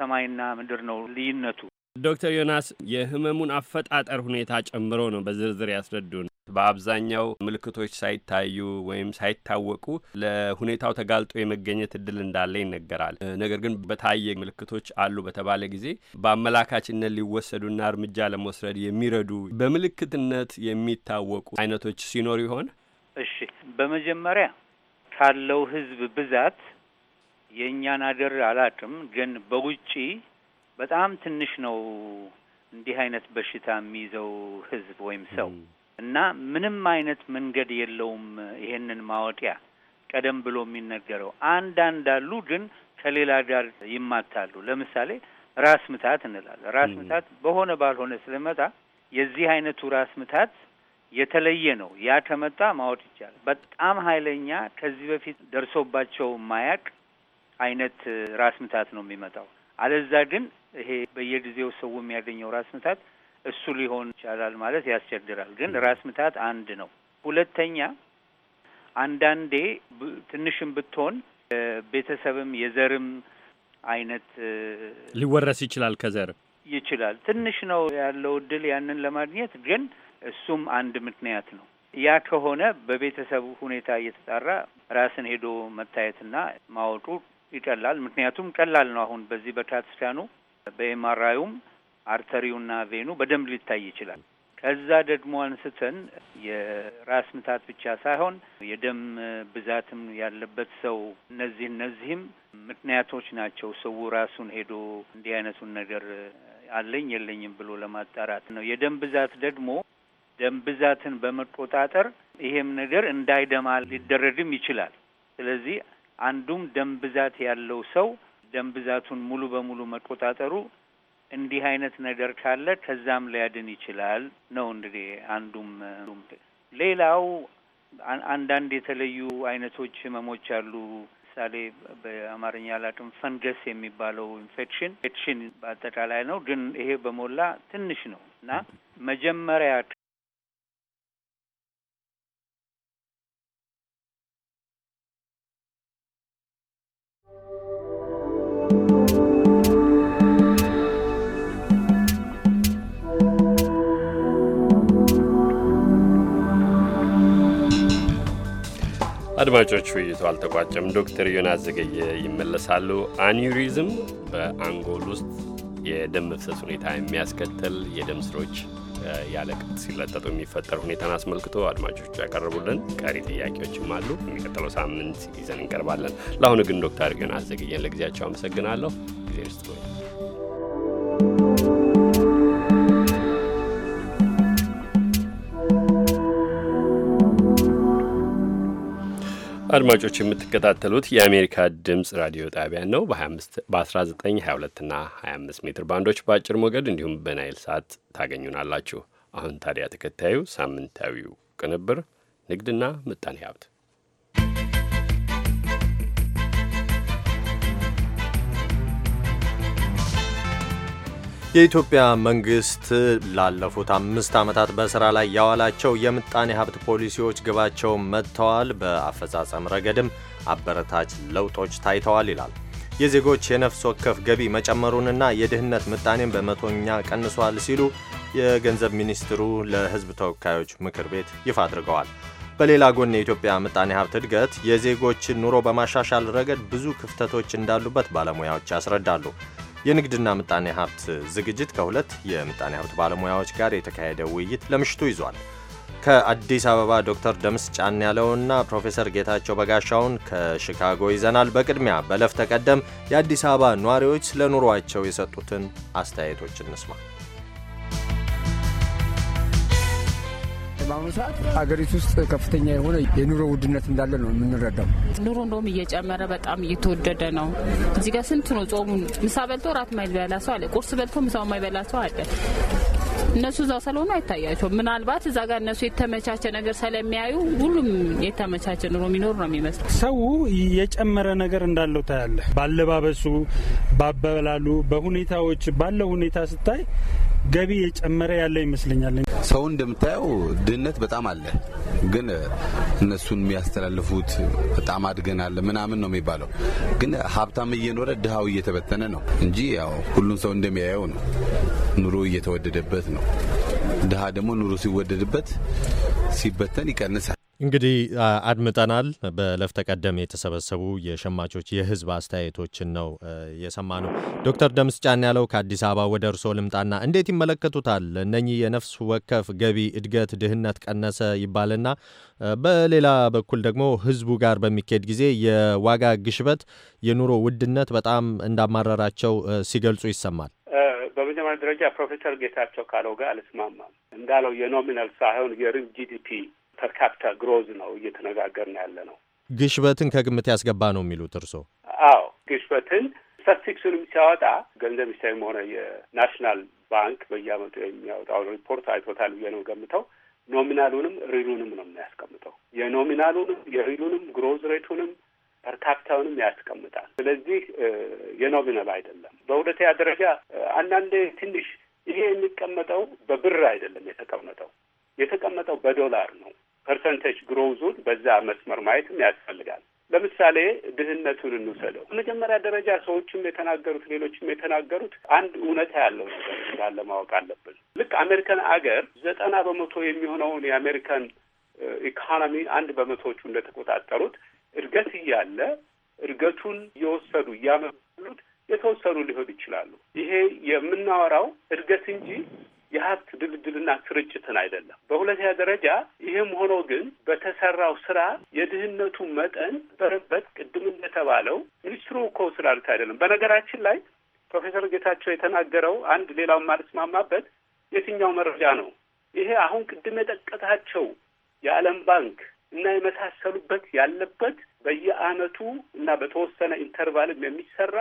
ሰማይና ምድር ነው ልዩነቱ። ዶክተር ዮናስ የህመሙን አፈጣጠር ሁኔታ ጨምሮ ነው በዝርዝር ያስረዱን። በአብዛኛው ምልክቶች ሳይታዩ ወይም ሳይታወቁ ለሁኔታው ተጋልጦ የመገኘት እድል እንዳለ ይነገራል። ነገር ግን በታየ ምልክቶች አሉ በተባለ ጊዜ በአመላካችነት ሊወሰዱና እርምጃ ለመውሰድ የሚረዱ በምልክትነት የሚታወቁ አይነቶች ሲኖር ይሆን? እሺ፣ በመጀመሪያ ካለው ህዝብ ብዛት የእኛን አገር አላቅም፣ ግን በውጪ በጣም ትንሽ ነው እንዲህ አይነት በሽታ የሚይዘው ህዝብ ወይም ሰው እና ምንም አይነት መንገድ የለውም ይሄንን ማወቂያ ቀደም ብሎ የሚነገረው። አንዳንድ አሉ ግን ከሌላ ጋር ይማታሉ። ለምሳሌ ራስ ምታት እንላለን። ራስ ምታት በሆነ ባልሆነ ስለመጣ የዚህ አይነቱ ራስ ምታት የተለየ ነው። ያ ከመጣ ማወቅ ይቻላል። በጣም ኃይለኛ ከዚህ በፊት ደርሶባቸው ማያቅ አይነት ራስ ምታት ነው የሚመጣው። አለዛ ግን ይሄ በየጊዜው ሰው የሚያገኘው ራስ ምታት እሱ ሊሆን ይቻላል ማለት ያስቸግራል። ግን ራስ ምታት አንድ ነው። ሁለተኛ አንዳንዴ ትንሽም ብትሆን ቤተሰብም የዘርም አይነት ሊወረስ ይችላል። ከዘር ይችላል። ትንሽ ነው ያለው እድል ያንን ለማግኘት ግን እሱም አንድ ምክንያት ነው። ያ ከሆነ በቤተሰብ ሁኔታ እየተጣራ ራስን ሄዶ መታየትና ማወጡ ይቀላል። ምክንያቱም ቀላል ነው። አሁን በዚህ በካትስቲያኑ በኤምአርአዩም አርተሪውና ቬኑ በደንብ ሊታይ ይችላል። ከዛ ደግሞ አንስተን የራስ ምታት ብቻ ሳይሆን የደም ብዛትም ያለበት ሰው እነዚህ እነዚህም ምክንያቶች ናቸው። ሰው ራሱን ሄዶ እንዲህ አይነቱን ነገር አለኝ የለኝም ብሎ ለማጣራት ነው። የደም ብዛት ደግሞ ደም ብዛትን በመቆጣጠር ይሄም ነገር እንዳይደማ ሊደረግም ይችላል። ስለዚህ አንዱም ደም ብዛት ያለው ሰው ደም ብዛቱን ሙሉ በሙሉ መቆጣጠሩ እንዲህ አይነት ነገር ካለ ከዛም ሊያድን ይችላል ነው እንግዲህ አንዱም። ሌላው አንዳንድ የተለዩ አይነቶች ህመሞች አሉ። ምሳሌ በአማርኛ ላቅም ፈንገስ የሚባለው ኢንፌክሽን ኢንፌክሽን በአጠቃላይ ነው፣ ግን ይሄ በሞላ ትንሽ ነው እና መጀመሪያ አድማጮች ውይይቱ አልተቋጨም። ዶክተር ዮናስ ዘገየ ይመለሳሉ። አኒሪዝም በአንጎል ውስጥ የደም መፍሰስ ሁኔታ የሚያስከትል የደም ስሮች ቅጥ ሲለጠጡ የሚፈጠር ሁኔታን አስመልክቶ አድማጮች ያቀረቡልን ቀሪ ጥያቄዎችም አሉ። የሚቀጥለው ሳምንት ይዘን እንቀርባለን። ለአሁኑ ግን ዶክተር ዮናስ ዘገየን ለጊዜያቸው አመሰግናለሁ። ጊዜ ውስጥ አድማጮች የምትከታተሉት የአሜሪካ ድምፅ ራዲዮ ጣቢያን ነው። በ1922 እና 25 ሜትር ባንዶች በአጭር ሞገድ እንዲሁም በናይል ሰዓት ታገኙናላችሁ። አሁን ታዲያ ተከታዩ ሳምንታዊው ቅንብር ንግድና ምጣኔ ሀብት የኢትዮጵያ መንግስት ላለፉት አምስት ዓመታት በስራ ላይ ያዋላቸው የምጣኔ ሀብት ፖሊሲዎች ግባቸውን መጥተዋል፣ በአፈጻጸም ረገድም አበረታች ለውጦች ታይተዋል ይላል። የዜጎች የነፍስ ወከፍ ገቢ መጨመሩንና የድህነት ምጣኔን በመቶኛ ቀንሷል ሲሉ የገንዘብ ሚኒስትሩ ለሕዝብ ተወካዮች ምክር ቤት ይፋ አድርገዋል። በሌላ ጎን የኢትዮጵያ ምጣኔ ሀብት እድገት የዜጎችን ኑሮ በማሻሻል ረገድ ብዙ ክፍተቶች እንዳሉበት ባለሙያዎች ያስረዳሉ። የንግድና ምጣኔ ሀብት ዝግጅት ከሁለት የምጣኔ ሀብት ባለሙያዎች ጋር የተካሄደ ውይይት ለምሽቱ ይዟል። ከአዲስ አበባ ዶክተር ደምስ ጫን ያለውና ፕሮፌሰር ጌታቸው በጋሻውን ከሺካጎ ይዘናል። በቅድሚያ በለፍ ተቀደም የአዲስ አበባ ነዋሪዎች ስለ ኑሯቸው የሰጡትን አስተያየቶች እንስማል። በአሁኑ ሰዓት አገሪቱ ውስጥ ከፍተኛ የሆነ የኑሮ ውድነት እንዳለ ነው የምንረዳው። ኑሮ እንደውም እየጨመረ በጣም እየተወደደ ነው። እዚህ ጋር ስንት ነው ጾሙ? ምሳ በልቶ ራት ማይበላ ሰው አለ። ቁርስ በልቶ ምሳው ማይበላ ሰው አለ። እነሱ እዛ ስለሆኑ አይታያቸውም። ምናልባት እዛ ጋር እነሱ የተመቻቸ ነገር ስለሚያዩ ሁሉም የተመቻቸ ኑሮ የሚኖሩ ነው የሚመስል። ሰው የጨመረ ነገር እንዳለው ታያለ። ባለባበሱ፣ ባበላሉ፣ በሁኔታዎች ባለው ሁኔታ ስታይ ገቢ የጨመረ ያለ ይመስለኛል። ሰው እንደምታየው ድህነት በጣም አለ፣ ግን እነሱን የሚያስተላልፉት በጣም አለ ምናምን ነው የሚባለው። ግን ሀብታም እየኖረ ድሃው እየተበተነ ነው እንጂ ያው ሁሉም ሰው እንደሚያየው ነው። ኑሮ እየተወደደበት ነው። ድሃ ደግሞ ኑሮ ሲወደድበት ሲበተን ይቀንሳል። እንግዲህ አድምጠናል። በለፍ ተቀደም የተሰበሰቡ የሸማቾች የህዝብ አስተያየቶችን ነው የሰማ ነው። ዶክተር ደምስ ጫን ያለው ከአዲስ አበባ ወደ እርስዎ ልምጣና እንዴት ይመለከቱታል? እነኚህ የነፍስ ወከፍ ገቢ እድገት ድህነት ቀነሰ ይባልና በሌላ በኩል ደግሞ ህዝቡ ጋር በሚካሄድ ጊዜ የዋጋ ግሽበት፣ የኑሮ ውድነት በጣም እንዳማረራቸው ሲገልጹ ይሰማል። በመጀመሪያ ደረጃ ፕሮፌሰር ጌታቸው ካለው ጋር አልስማማም። እንዳለው የኖሚናል ሳይሆን የሪል ጂዲፒ ፐርካፒታ ግሮዝ ነው እየተነጋገርን ያለ ነው። ግሽበትን ከግምት ያስገባ ነው የሚሉት እርስዎ? አዎ ግሽበትን ስታቲስቲክሱንም ሲያወጣ ገንዘብ ሚኒስቴርም ሆነ የናሽናል ባንክ በየአመቱ የሚያወጣውን ሪፖርት አይቶታል ብዬ ነው ገምተው። ኖሚናሉንም ሪሉንም ነው የሚያስቀምጠው። የኖሚናሉንም የሪሉንም ግሮዝ ሬቱንም ፐርካፒታውንም ያስቀምጣል። ስለዚህ የኖሚናል አይደለም። በሁለተኛ ደረጃ አንዳንዴ ትንሽ ይሄ የሚቀመጠው በብር አይደለም የተቀመጠው የተቀመጠው በዶላር ነው። ፐርሰንቴጅ ግሮውዙን በዛ መስመር ማየትም ያስፈልጋል። ለምሳሌ ድህነቱን እንውሰደው። በመጀመሪያ ደረጃ ሰዎችም የተናገሩት ሌሎችም የተናገሩት አንድ እውነት ያለው ነገር እንዳለ ማወቅ አለብን። ልክ አሜሪካን አገር ዘጠና በመቶ የሚሆነውን የአሜሪካን ኢኮኖሚ አንድ በመቶዎቹ እንደተቆጣጠሩት እድገት እያለ እድገቱን እየወሰዱ እያመሉት የተወሰኑ ሊሆን ይችላሉ። ይሄ የምናወራው እድገት እንጂ የሀብት ድልድልና ስርጭትን አይደለም። በሁለተኛ ደረጃ ይህም ሆኖ ግን በተሰራው ስራ የድህነቱ መጠን በረበት ቅድም እንደተባለው ሚኒስትሩ እኮ ስላሉት አይደለም። በነገራችን ላይ ፕሮፌሰር ጌታቸው የተናገረው አንድ ሌላውን ማልስማማበት የትኛው መረጃ ነው? ይሄ አሁን ቅድም የጠቀታቸው የዓለም ባንክ እና የመሳሰሉበት ያለበት በየአመቱ እና በተወሰነ ኢንተርቫልም የሚሰራ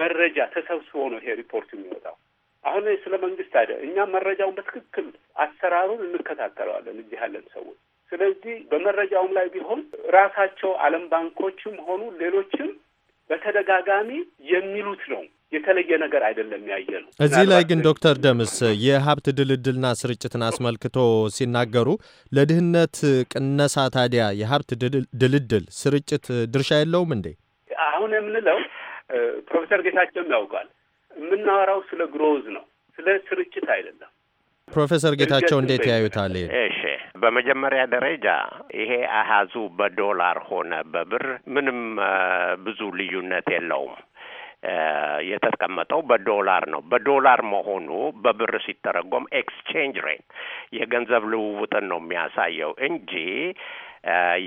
መረጃ ተሰብስቦ ነው ይሄ ሪፖርት የሚወጣው። አሁን ስለ መንግስት አይደል፣ እኛ መረጃውን በትክክል አሰራሩን እንከታተለዋለን እዚህ ያለን ሰዎች። ስለዚህ በመረጃውም ላይ ቢሆን ራሳቸው ዓለም ባንኮችም ሆኑ ሌሎችም በተደጋጋሚ የሚሉት ነው። የተለየ ነገር አይደለም ያየ ነው። እዚህ ላይ ግን ዶክተር ደምስ የሀብት ድልድልና ስርጭትን አስመልክቶ ሲናገሩ ለድህነት ቅነሳ ታዲያ የሀብት ድልድል ስርጭት ድርሻ የለውም እንዴ? አሁን የምንለው ፕሮፌሰር ጌታቸውም ያውቃል የምናወራው ስለ ግሮዝ ነው፣ ስለ ስርጭት አይደለም። ፕሮፌሰር ጌታቸው እንዴት ያዩታል? እሺ፣ በመጀመሪያ ደረጃ ይሄ አሃዙ በዶላር ሆነ በብር ምንም ብዙ ልዩነት የለውም። የተቀመጠው በዶላር ነው። በዶላር መሆኑ በብር ሲተረጎም ኤክስቼንጅ ሬት የገንዘብ ልውውጥን ነው የሚያሳየው እንጂ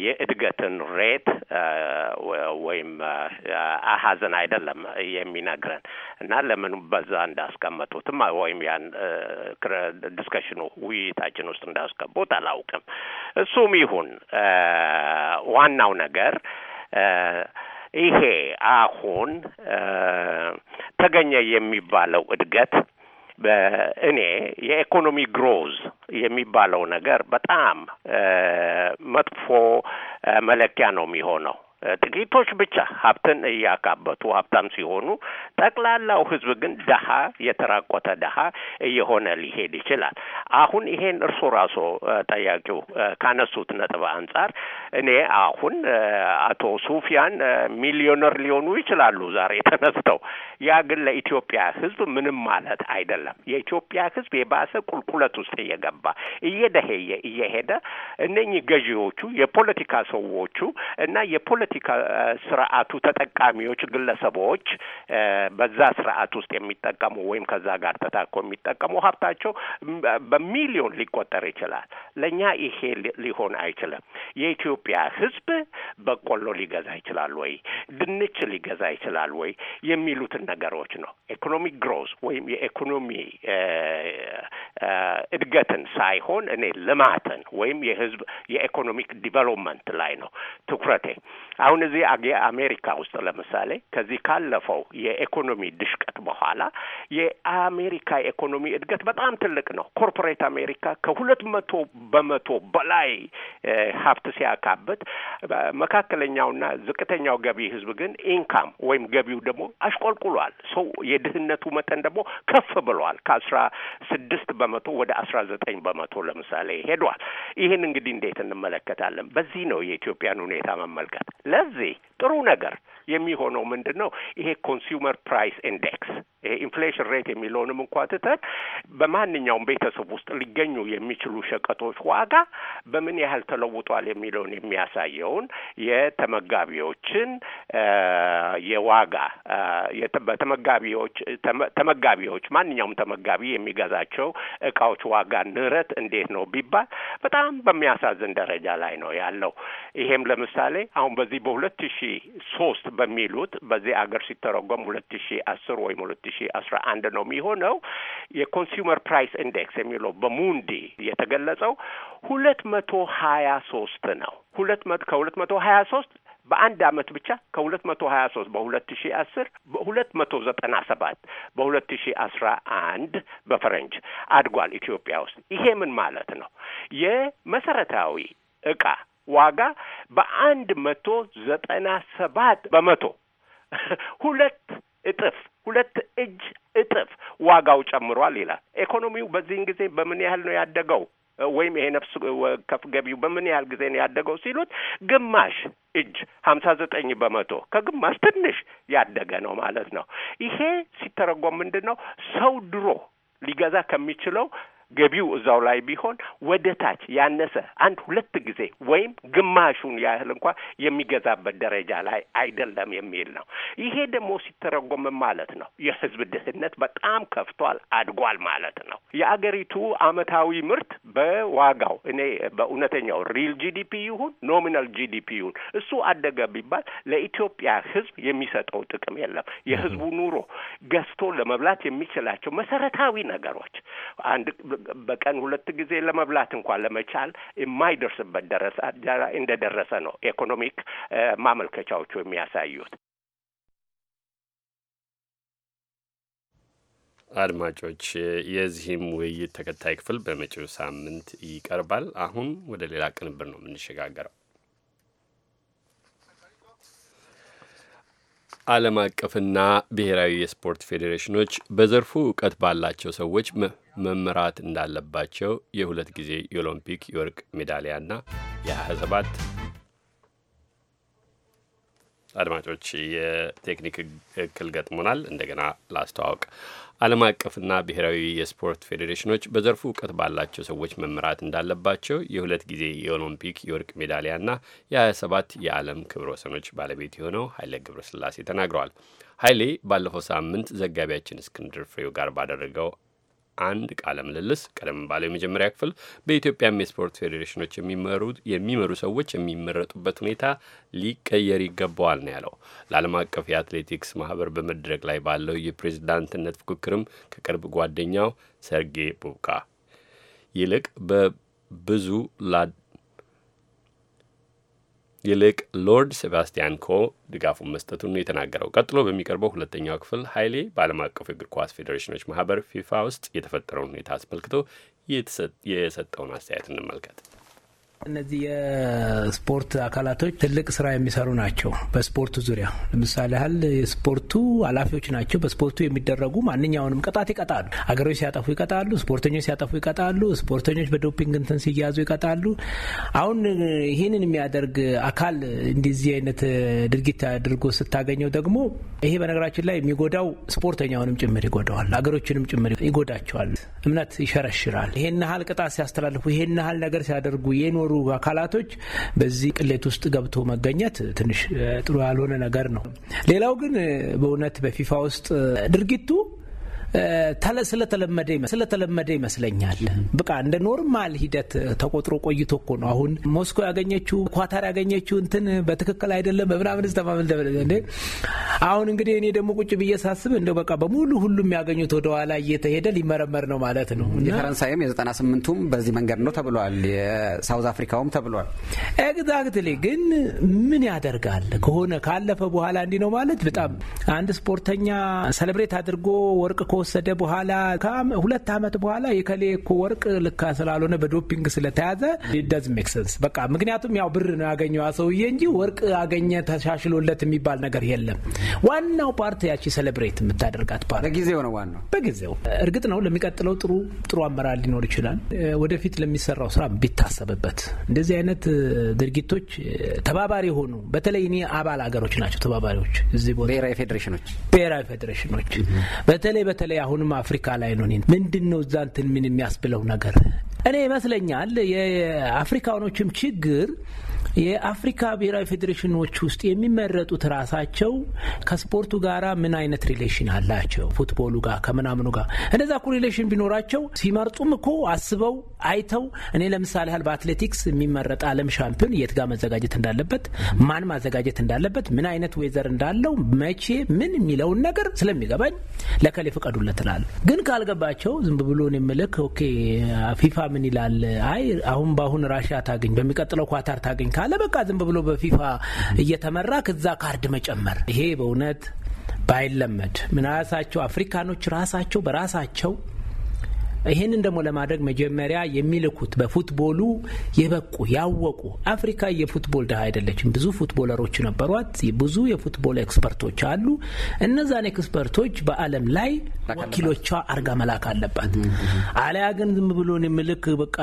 የእድገትን ሬት ወይም አሀዘን አይደለም የሚነግረን እና ለምን በዛ እንዳስቀመጡትም ወይም ያን ዲስከሽኑ ውይይታችን ውስጥ እንዳስገቡት አላውቅም። እሱም ይሁን ዋናው ነገር ይሄ አሁን ተገኘ የሚባለው እድገት እኔ የኢኮኖሚ ግሮዝ የሚባለው ነገር በጣም መጥፎ መለኪያ ነው የሚሆነው። ጥቂቶች ብቻ ሀብትን እያካበቱ ሀብታም ሲሆኑ፣ ጠቅላላው ህዝብ ግን ደሀ የተራቆተ ደሀ እየሆነ ሊሄድ ይችላል። አሁን ይሄን እርሱ ራሱ ጠያቂው ካነሱት ነጥብ አንጻር እኔ አሁን አቶ ሱፊያን ሚሊዮነር ሊሆኑ ይችላሉ ዛሬ ተነስተው፣ ያ ግን ለኢትዮጵያ ህዝብ ምንም ማለት አይደለም። የኢትዮጵያ ህዝብ የባሰ ቁልቁለት ውስጥ እየገባ እየደሄየ እየሄደ እነኚህ ገዢዎቹ የፖለቲካ ሰዎቹ እና የፖለቲ የፖለቲካ ስርዓቱ ተጠቃሚዎች ግለሰቦች በዛ ስርዓት ውስጥ የሚጠቀሙ ወይም ከዛ ጋር ተታኮ የሚጠቀሙ ሀብታቸው በሚሊዮን ሊቆጠር ይችላል። ለእኛ ይሄ ሊሆን አይችልም። የኢትዮጵያ ህዝብ በቆሎ ሊገዛ ይችላል ወይ ድንች ሊገዛ ይችላል ወይ የሚሉትን ነገሮች ነው። ኢኮኖሚክ ግሮዝ ወይም የኢኮኖሚ እድገትን ሳይሆን እኔ ልማትን ወይም የህዝብ የኢኮኖሚክ ዲቨሎፕመንት ላይ ነው ትኩረቴ። አሁን እዚህ አሜሪካ ውስጥ ለምሳሌ ከዚህ ካለፈው የኢኮኖሚ ድሽቀት በኋላ የአሜሪካ ኢኮኖሚ እድገት በጣም ትልቅ ነው። ኮርፖሬት አሜሪካ ከሁለት መቶ በመቶ በላይ ሀብት ሲያካበት መካከለኛውና ዝቅተኛው ገቢ ህዝብ ግን ኢንካም ወይም ገቢው ደግሞ አሽቆልቁሏል። ሰው የድህነቱ መጠን ደግሞ ከፍ ብሏል። ከአስራ ስድስት በመቶ ወደ አስራ ዘጠኝ በመቶ ለምሳሌ ሄዷል። ይህን እንግዲህ እንዴት እንመለከታለን? በዚህ ነው የኢትዮጵያን ሁኔታ መመልከት ስለዚህ ጥሩ ነገር የሚሆነው ምንድን ነው? ይሄ ኮንሱመር ፕራይስ ኢንዴክስ ኢንፍሌሽን ሬት የሚለውንም እንኳ ትተን በማንኛውም ቤተሰብ ውስጥ ሊገኙ የሚችሉ ሸቀጦች ዋጋ በምን ያህል ተለውጧል የሚለውን የሚያሳየውን የተመጋቢዎችን የዋጋ በተመጋቢዎች ተመጋቢዎች ማንኛውም ተመጋቢ የሚገዛቸው እቃዎች ዋጋ ንረት እንዴት ነው ቢባል በጣም በሚያሳዝን ደረጃ ላይ ነው ያለው። ይሄም ለምሳሌ አሁን በዚህ በሁለት ሺ ሶስት በሚሉት በዚህ አገር ሲተረጎም ሁለት ሺ አስር ወይም ሁለት ሺ አስራ አንድ ነው የሚሆነው የኮንሱመር ፕራይስ ኢንዴክስ የሚለው በሙንዲ የተገለጸው ሁለት መቶ ሀያ ሶስት ነው። ሁለት መቶ ከሁለት መቶ ሀያ ሶስት በአንድ አመት ብቻ ከሁለት መቶ ሀያ ሶስት በሁለት ሺ አስር በሁለት መቶ ዘጠና ሰባት በሁለት ሺ አስራ አንድ በፈረንጅ አድጓል ኢትዮጵያ ውስጥ። ይሄ ምን ማለት ነው? የመሰረታዊ እቃ ዋጋ በአንድ መቶ ዘጠና ሰባት በመቶ ሁለት እጥፍ ሁለት እጅ እጥፍ ዋጋው ጨምሯል ይላል። ኢኮኖሚው በዚህን ጊዜ በምን ያህል ነው ያደገው ወይም ይሄ ነፍስ ወከፍ ገቢው በምን ያህል ጊዜ ነው ያደገው ሲሉት ግማሽ እጅ ሀምሳ ዘጠኝ በመቶ ከግማሽ ትንሽ ያደገ ነው ማለት ነው። ይሄ ሲተረጎም ምንድን ነው ሰው ድሮ ሊገዛ ከሚችለው ገቢው እዛው ላይ ቢሆን ወደ ታች ያነሰ አንድ ሁለት ጊዜ ወይም ግማሹን ያህል እንኳ የሚገዛበት ደረጃ ላይ አይደለም የሚል ነው። ይሄ ደግሞ ሲተረጎም ማለት ነው የህዝብ ድህነት በጣም ከፍቷል፣ አድጓል ማለት ነው። የአገሪቱ አመታዊ ምርት በዋጋው እኔ በእውነተኛው ሪል ጂዲፒ ይሁን ኖሚናል ጂዲፒ ይሁን እሱ አደገ ቢባል ለኢትዮጵያ ህዝብ የሚሰጠው ጥቅም የለም። የህዝቡ ኑሮ ገዝቶ ለመብላት የሚችላቸው መሰረታዊ ነገሮች አንድ በቀን ሁለት ጊዜ ለመብላት እንኳን ለመቻል የማይደርስበት ደረሰ እንደደረሰ ነው ኢኮኖሚክ ማመልከቻዎቹ የሚያሳዩት። አድማጮች የዚህም ውይይት ተከታይ ክፍል በመጪው ሳምንት ይቀርባል። አሁን ወደ ሌላ ቅንብር ነው የምንሸጋገረው። ዓለም አቀፍና ብሔራዊ የስፖርት ፌዴሬሽኖች በዘርፉ እውቀት ባላቸው ሰዎች መመራት እንዳለባቸው የሁለት ጊዜ የኦሎምፒክ የወርቅ ሜዳሊያና የ27 አድማጮች የቴክኒክ እክል ገጥሞናል። እንደገና ላስተዋውቅ። ዓለም አቀፍና ብሔራዊ የስፖርት ፌዴሬሽኖች በዘርፉ እውቀት ባላቸው ሰዎች መመራት እንዳለባቸው የሁለት ጊዜ የኦሎምፒክ የወርቅ ሜዳሊያና የ27 የዓለም ክብረ ወሰኖች ባለቤት የሆነው ኃይሌ ገብረስላሴ ተናግረዋል። ኃይሌ ባለፈው ሳምንት ዘጋቢያችን እስክንድር ፍሬው ጋር ባደረገው አንድ ቃለ ምልልስ ቀደም ባለው የመጀመሪያ ክፍል በኢትዮጵያም የስፖርት ፌዴሬሽኖች የሚመሩ ሰዎች የሚመረጡበት ሁኔታ ሊቀየር ይገባዋል ነው ያለው። ለዓለም አቀፍ የአትሌቲክስ ማህበር በመድረክ ላይ ባለው የፕሬዝዳንትነት ፉክክርም ከቅርብ ጓደኛው ሰርጌ ቡብቃ ይልቅ በብዙ ይልቅ ሎርድ ሴባስቲያን ኮ ድጋፉን መስጠቱን የተናገረው። ቀጥሎ በሚቀርበው ሁለተኛው ክፍል ኃይሌ በዓለም አቀፉ የእግር ኳስ ፌዴሬሽኖች ማህበር ፊፋ ውስጥ የተፈጠረውን ሁኔታ አስመልክቶ የሰጠውን አስተያየት እንመልከት። እነዚህ የስፖርት አካላቶች ትልቅ ስራ የሚሰሩ ናቸው። በስፖርቱ ዙሪያ ለምሳሌ ያህል የስፖርቱ ኃላፊዎች ናቸው። በስፖርቱ የሚደረጉ ማንኛውንም ቅጣት ይቀጣሉ። አገሮች ሲያጠፉ ይቀጣሉ። ስፖርተኞች ሲያጠፉ ይቀጣሉ። ስፖርተኞች በዶፒንግ እንትን ሲያዙ ይቀጣሉ። አሁን ይህንን የሚያደርግ አካል እንዲዚህ አይነት ድርጊት አድርጎ ስታገኘው ደግሞ ይሄ በነገራችን ላይ የሚጎዳው ስፖርተኛውንም ጭምር ይጎዳዋል። አገሮችንም ጭምር ይጎዳቸዋል። እምነት ይሸረሽራል። ይሄን ያህል ቅጣት ሲያስተላልፉ፣ ይሄን ያህል ነገር ሲያደርጉ የኖሩ የሚሰሩ አካላቶች በዚህ ቅሌት ውስጥ ገብቶ መገኘት ትንሽ ጥሩ ያልሆነ ነገር ነው። ሌላው ግን በእውነት በፊፋ ውስጥ ድርጊቱ ስለተለመደ ይመስለኛል። ብቃ እንደ ኖርማል ሂደት ተቆጥሮ ቆይቶ እኮ ነው። አሁን ሞስኮ ያገኘችው ኳታር ያገኘችው እንትን በትክክል አይደለም በምናምን ስተማመል አሁን እንግዲህ እኔ ደግሞ ቁጭ ብዬ ሳስብ እንደው በቃ በሙሉ ሁሉም ያገኙት ወደኋላ እየተሄደ ሊመረመር ነው ማለት ነው። የፈረንሳይም የዘጠና ስምንቱም በዚህ መንገድ ነው ተብሏል። የሳውዝ አፍሪካውም ተብሏል። ኤግዛክትሊ ግን ምን ያደርጋል ከሆነ ካለፈ በኋላ እንዲህ ነው ማለት በጣም አንድ ስፖርተኛ ሰለብሬት አድርጎ ወርቅ ከወሰደ በኋላ ሁለት ዓመት በኋላ የከሌ እኮ ወርቅ ልካ ስላልሆነ በዶፒንግ ስለተያዘ ዳዝ ሜክ ሰንስ በቃ ምክንያቱም ያው ብር ነው ያገኘው ሰውዬ እንጂ ወርቅ አገኘ ተሻሽሎለት የሚባል ነገር የለም። ዋናው ፓርት ያቺ ሴሌብሬት የምታደርጋት ፓርት በጊዜው ነው ዋናው በጊዜው እርግጥ ነው ለሚቀጥለው ጥሩ ጥሩ አመራር ሊኖር ይችላል። ወደፊት ለሚሰራው ስራ ቢታሰብበት እንደዚህ አይነት ድርጊቶች ተባባሪ የሆኑ በተለይ እኔ አባል ሀገሮች ናቸው ተባባሪዎች እዚህ ቦታ ብሔራዊ ፌዴሬሽኖች ብሔራዊ ፌዴሬሽኖች በተለይ በተለይ በተለይ አሁንም አፍሪካ ላይ ነው። ምንድን ነው እዛ እንትን ምን የሚያስብለው ነገር እኔ ይመስለኛል የአፍሪካኖችም ችግር የአፍሪካ ብሔራዊ ፌዴሬሽኖች ውስጥ የሚመረጡት ራሳቸው ከስፖርቱ ጋር ምን አይነት ሪሌሽን አላቸው? ፉትቦሉ ጋር ከምናምኑ ጋር እንደዛ እኮ ሪሌሽን ቢኖራቸው ሲመርጡም እኮ አስበው አይተው። እኔ ለምሳሌ ያህል በአትሌቲክስ የሚመረጥ ዓለም ሻምፒዮን የት ጋር መዘጋጀት እንዳለበት፣ ማን ማዘጋጀት እንዳለበት፣ ምን አይነት ወይዘር እንዳለው፣ መቼ ምን የሚለውን ነገር ስለሚገባኝ ለከሌ ፍቀዱለት ግን ካልገባቸው ዝም ብሎን የምልክ ኦኬ ፊፋ ምን ይላል? አይ አሁን በአሁን ራሽያ ታገኝ፣ በሚቀጥለው ኳታር ታገኝ ካለ በቃ ዝም ብሎ በፊፋ እየተመራ ከዛ ካርድ መጨመር ይሄ በእውነት ባይለመድ ምን ራሳቸው አፍሪካኖች ራሳቸው በራሳቸው ይህንን ደግሞ ለማድረግ መጀመሪያ የሚልኩት በፉትቦሉ የበቁ ያወቁ። አፍሪካ የፉትቦል ድሃ አይደለችም። ብዙ ፉትቦለሮች ነበሯት። ብዙ የፉትቦል ኤክስፐርቶች አሉ። እነዛን ኤክስፐርቶች በዓለም ላይ ወኪሎቿ አርጋ መላክ አለባት። አሊያ ግን ዝም ብሎን የምልክ በቃ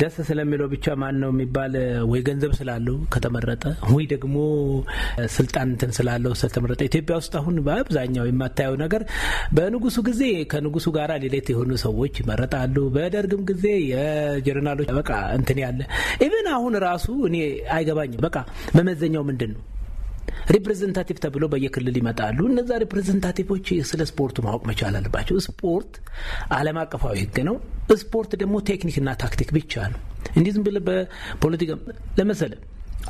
ደስ ስለሚለው ብቻ ማን ነው የሚባል ወይ ገንዘብ ስላለው ከተመረጠ ወይ ደግሞ ስልጣን እንትን ስላለው ስለተመረጠ ኢትዮጵያ ውስጥ አሁን በአብዛኛው የማታየው ነገር በንጉሱ ጊዜ ከንጉሱ ጋር ሌሌት የሆኑ ሰዎች ይመረጣሉ። በደርግም ጊዜ የጀርናሎች በቃ እንትን ያለ ኢቨን አሁን ራሱ እኔ አይገባኝም። በቃ መመዘኛው ምንድን ነው? ሪፕሬዘንታቲቭ ተብሎ በየክልል ይመጣሉ። እነዛ ሪፕሬዘንታቲቮች ስለ ስፖርቱ ማወቅ መቻል አለባቸው። ስፖርት ዓለም አቀፋዊ ሕግ ነው። ስፖርት ደግሞ ቴክኒክና ታክቲክ ብቻ ነው። እንዲህ ዝም ብለህ በፖለቲካ ለመሰለ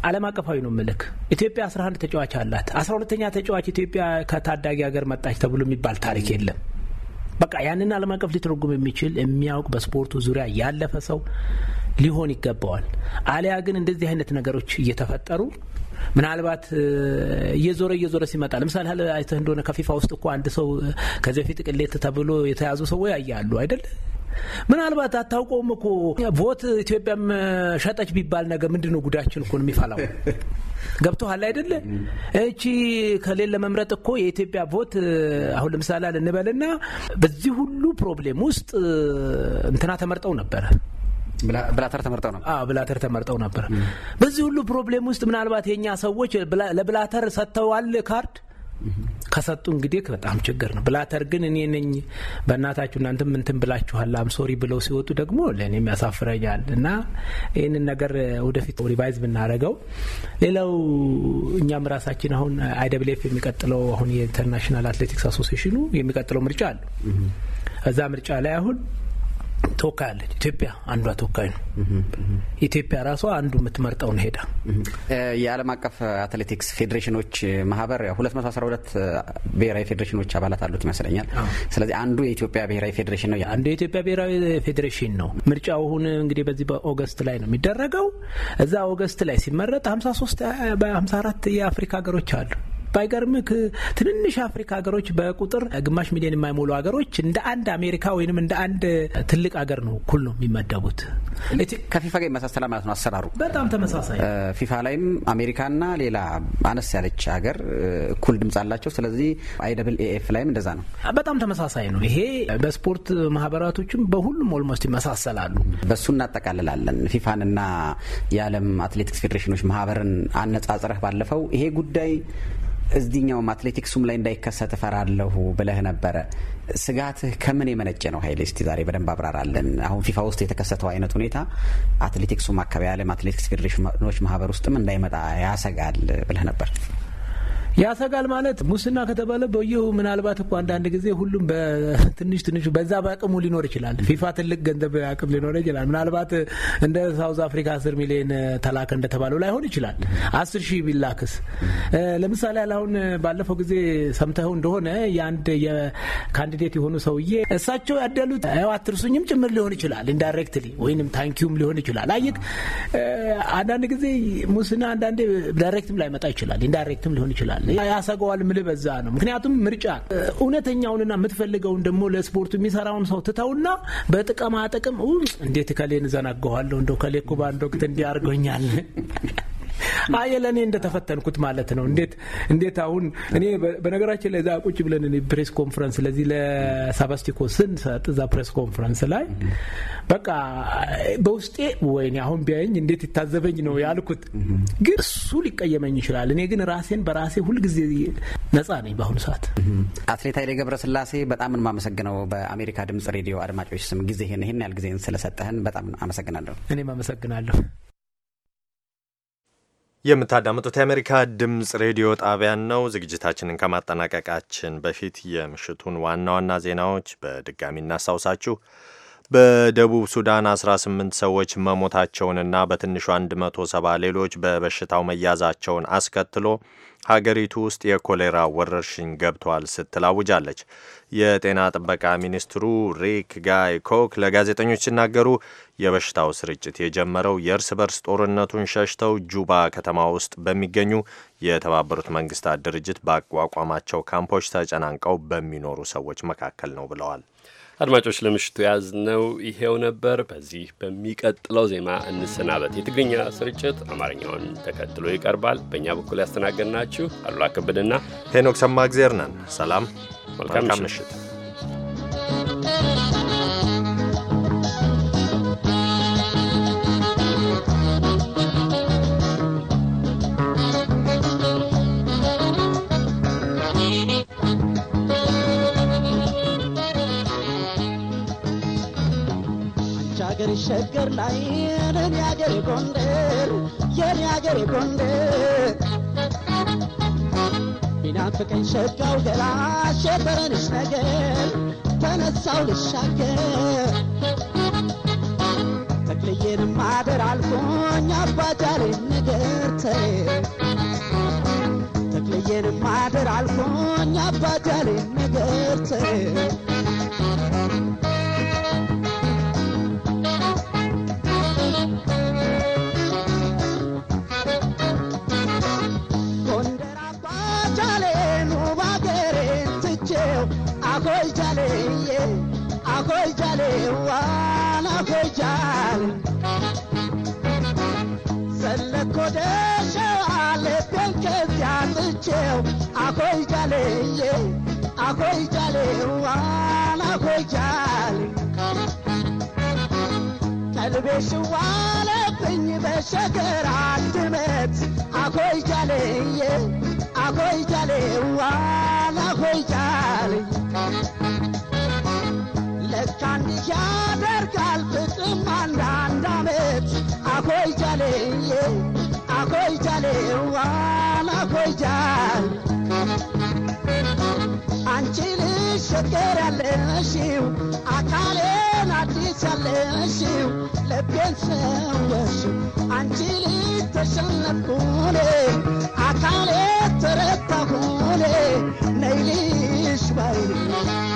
ዓለም አቀፋዊ ነው ምልክ ኢትዮጵያ 11 ተጫዋች አላት። 12ተኛ ተጫዋች ኢትዮጵያ ከታዳጊ ሀገር መጣች ተብሎ የሚባል ታሪክ የለም። በቃ ያንን ዓለም አቀፍ ሊተረጉም የሚችል የሚያውቅ በስፖርቱ ዙሪያ ያለፈ ሰው ሊሆን ይገባዋል። አሊያ ግን እንደዚህ አይነት ነገሮች እየተፈጠሩ ምናልባት እየዞረ እየዞረ ሲመጣ ለምሳሌ ለ አይተህ እንደሆነ ከፊፋ ውስጥ እኮ አንድ ሰው ከዚህ በፊት ቅሌት ተብሎ የተያዙ ሰው ያያሉ አይደል? ምናልባት አታውቀውም እኮ ቮት ኢትዮጵያም ሸጠች ቢባል ነገ ምንድን ነው ጉዳችን እኮ የሚፈላው ገብቶሃል አይደለ? እቺ ከሌለ መምረጥ እኮ የኢትዮጵያ ቮት አሁን ለምሳሌ እንበልና በዚህ ሁሉ ፕሮብሌም ውስጥ እንትና ተመርጠው ነበረ ብላተር ተመርጠው ነበር። ብላተር ተመርጠው ነበር። በዚህ ሁሉ ፕሮብሌም ውስጥ ምናልባት የኛ ሰዎች ለብላተር ሰጥተዋል ካርድ ከሰጡ እንግዲህ በጣም ችግር ነው። ብላተር ግን እኔ ነኝ በእናታችሁ እናንተም እንትን ብላችኋል ሶሪ ብለው ሲወጡ ደግሞ ለእኔም ያሳፍረኛል እና ይህንን ነገር ወደፊት ሪቫይዝ ብናደረገው። ሌላው እኛም ራሳችን አሁን አይደብሌፍ የሚቀጥለው አሁን የኢንተርናሽናል አትሌቲክስ አሶሲሽኑ የሚቀጥለው ምርጫ አለ። እዛ ምርጫ ላይ አሁን ተወካይ አለን። ኢትዮጵያ አንዷ ተወካይ ነው። ኢትዮጵያ ራሷ አንዱ ነው ሄዳ የዓለም አቀፍ አትሌቲክስ ፌዴሬሽኖች ማህበር 212 ብሔራዊ ፌዴሬሽኖች አባላት አሉት ይመስለኛል። ስለዚህ አንዱ የኢትዮጵያ ብሔራዊ ፌዴሬሽን ነው። አንዱ የኢትዮጵያ ብሔራዊ ፌዴሬሽን ነው። ምርጫው አሁን እንግዲህ በዚህ በኦገስት ላይ ነው የሚደረገው። እዛ ኦገስት ላይ ሲመረጥ 53 በ54 የአፍሪካ ሀገሮች አሉ። ባይገርምህ ትንንሽ አፍሪካ ሀገሮች በቁጥር ግማሽ ሚሊዮን የማይሞሉ ሀገሮች እንደ አንድ አሜሪካ ወይንም እንደ አንድ ትልቅ ሀገር ነው እኩል ነው የሚመደቡት። ከፊፋ ጋር ይመሳሰላ ማለት ነው አሰራሩ በጣም ተመሳሳይ። ፊፋ ላይም አሜሪካና ሌላ አነስ ያለች ሀገር እኩል ድምጽ አላቸው። ስለዚህ አይ ደብል ላይም እንደዛ ነው። በጣም ተመሳሳይ ነው። ይሄ በስፖርት ማህበራቶችም በሁሉም ኦልሞስት ይመሳሰላሉ። በእሱ እናጠቃልላለን። ፊፋንና የዓለም አትሌቲክስ ፌዴሬሽኖች ማህበርን አነጻጽረህ ባለፈው ይሄ ጉዳይ እዚህኛውም አትሌቲክሱም ላይ እንዳይከሰት እፈራለሁ ብለህ ነበረ። ስጋትህ ከምን የመነጨ ነው ሀይል እስቲ ዛሬ በደንብ አብራራለን። አሁን ፊፋ ውስጥ የተከሰተው አይነት ሁኔታ አትሌቲክሱም አካባቢ የዓለም አትሌቲክስ ፌዴሬሽኖች ማህበር ውስጥም እንዳይመጣ ያሰጋል ብለህ ነበር። ያሰጋል ማለት ሙስና ከተባለ በየሁ ምናልባት እኮ አንዳንድ ጊዜ ሁሉም በትንሽ ትንሹ በዛ በአቅሙ ሊኖር ይችላል። ፊፋ ትልቅ ገንዘብ አቅም ሊኖር ይችላል። ምናልባት እንደ ሳውዝ አፍሪካ አስር ሚሊዮን ተላከ እንደተባለው ላይሆን ይችላል። አስር ሺህ ቢላክስ ለምሳሌ አሁን ባለፈው ጊዜ ሰምተው እንደሆነ የአንድ የካንዲዴት የሆኑ ሰውዬ እሳቸው ያደሉት ያው አትርሱኝም ጭምር ሊሆን ይችላል ኢንዳይሬክትሊ ወይም ታንኪዩም ሊሆን ይችላል። አይክ አንዳንድ ጊዜ ሙስና አንዳንዴ ዳይሬክትም ላይመጣ ይችላል፣ ኢንዳይሬክትም ሊሆን ይችላል። ይችላል። ያሰገዋል ምል በዛ ነው። ምክንያቱም ምርጫ እውነተኛውንና የምትፈልገውን ደግሞ ለስፖርቱ የሚሰራውን ሰው ትተውና በጥቅማ ጥቅም እንዴት ከሌን ዘናገዋለሁ እንደ ከሌ ኩባ እንደ ወቅት እንዲያርገኛል አየ ለእኔ እንደተፈተንኩት ማለት ነው። እንዴት እንዴት አሁን እኔ በነገራችን ላይ እዛ ቁጭ ብለን ፕሬስ ኮንፈረንስ ለዚህ ለሳባስቲኮ ስንሰጥ እዛ ፕሬስ ኮንፈረንስ ላይ በቃ በውስጤ ወይኔ አሁን ቢያየኝ እንዴት ይታዘበኝ ነው ያልኩት። ግን እሱ ሊቀየመኝ ይችላል። እኔ ግን ራሴን በራሴ ሁልጊዜ ነጻ ነኝ በአሁኑ ሰዓት። አትሌት ኃይሌ ገብረስላሴ በጣም የማመሰግነው በአሜሪካ ድምጽ ሬዲዮ አድማጮች ስም ጊዜ ይህን ያህል ጊዜን ስለሰጠህን በጣም አመሰግናለሁ። እኔም አመሰግናለሁ። የምታዳምጡት የአሜሪካ ድምፅ ሬዲዮ ጣቢያን ነው። ዝግጅታችንን ከማጠናቀቃችን በፊት የምሽቱን ዋና ዋና ዜናዎች በድጋሚ እናስታውሳችሁ። በደቡብ ሱዳን 18 ሰዎች መሞታቸውንና በትንሹ 170 ሌሎች በበሽታው መያዛቸውን አስከትሎ ሀገሪቱ ውስጥ የኮሌራ ወረርሽኝ ገብቷል ስትል አውጃለች። የጤና ጥበቃ ሚኒስትሩ ሪክ ጋይ ኮክ ለጋዜጠኞች ሲናገሩ የበሽታው ስርጭት የጀመረው የእርስ በርስ ጦርነቱን ሸሽተው ጁባ ከተማ ውስጥ በሚገኙ የተባበሩት መንግስታት ድርጅት ባቋቋማቸው ካምፖች ተጨናንቀው በሚኖሩ ሰዎች መካከል ነው ብለዋል። አድማጮች ለምሽቱ የያዝነው ይሄው ነበር። በዚህ በሚቀጥለው ዜማ እንሰናበት። የትግርኛ ስርጭት አማርኛውን ተከትሎ ይቀርባል። በእኛ በኩል ያስተናገድናችሁ አሉላ ከበደና ሄኖክ ሰማእግዜር ነን። ሰላም፣ መልካም ምሽት። የኔ ሸገር ላይ የኔ አገሬ ጎንደር የኔ አገሬ ጎንደር ቢናፍቀኝ ሸጋው ገላሽ የበረንሽ ነገር ተነሳው ልሻገር ተክልዬን ማደር አልፎኝ አባጃሌን ነገር ተይ ተክልዬን ማደር አልፎኝ አባጃሌን ነገር ተይ ኮጃሌ ዋና ኮጃል ዘለኮ ደሸዋ ልቤን ከዚያ ጥቼው አኮይጃሌዬ አኮይጃሌ ዋና ኮጃል ቀልቤ ሽዋለብኝ በሸገር አድመት አኮይጃሌዬ አኮይጃሌ ዋና ኮይጃል ደስታ እንዲህ ያደርጋል ፍቅም አንዳንድ አመት አኮይ ጃሌ አኮይ ጃሌ ዋን አኮይ ጃል አንቺ ልጅ ሸገር ያለሽው አካሌን አዲስ ያለሽው ልቤን ሰወሽው አንቺ ልጅ ተሸነፍኩኔ አካሌ ተረታሁኔ ነይልሽ ባይልሽ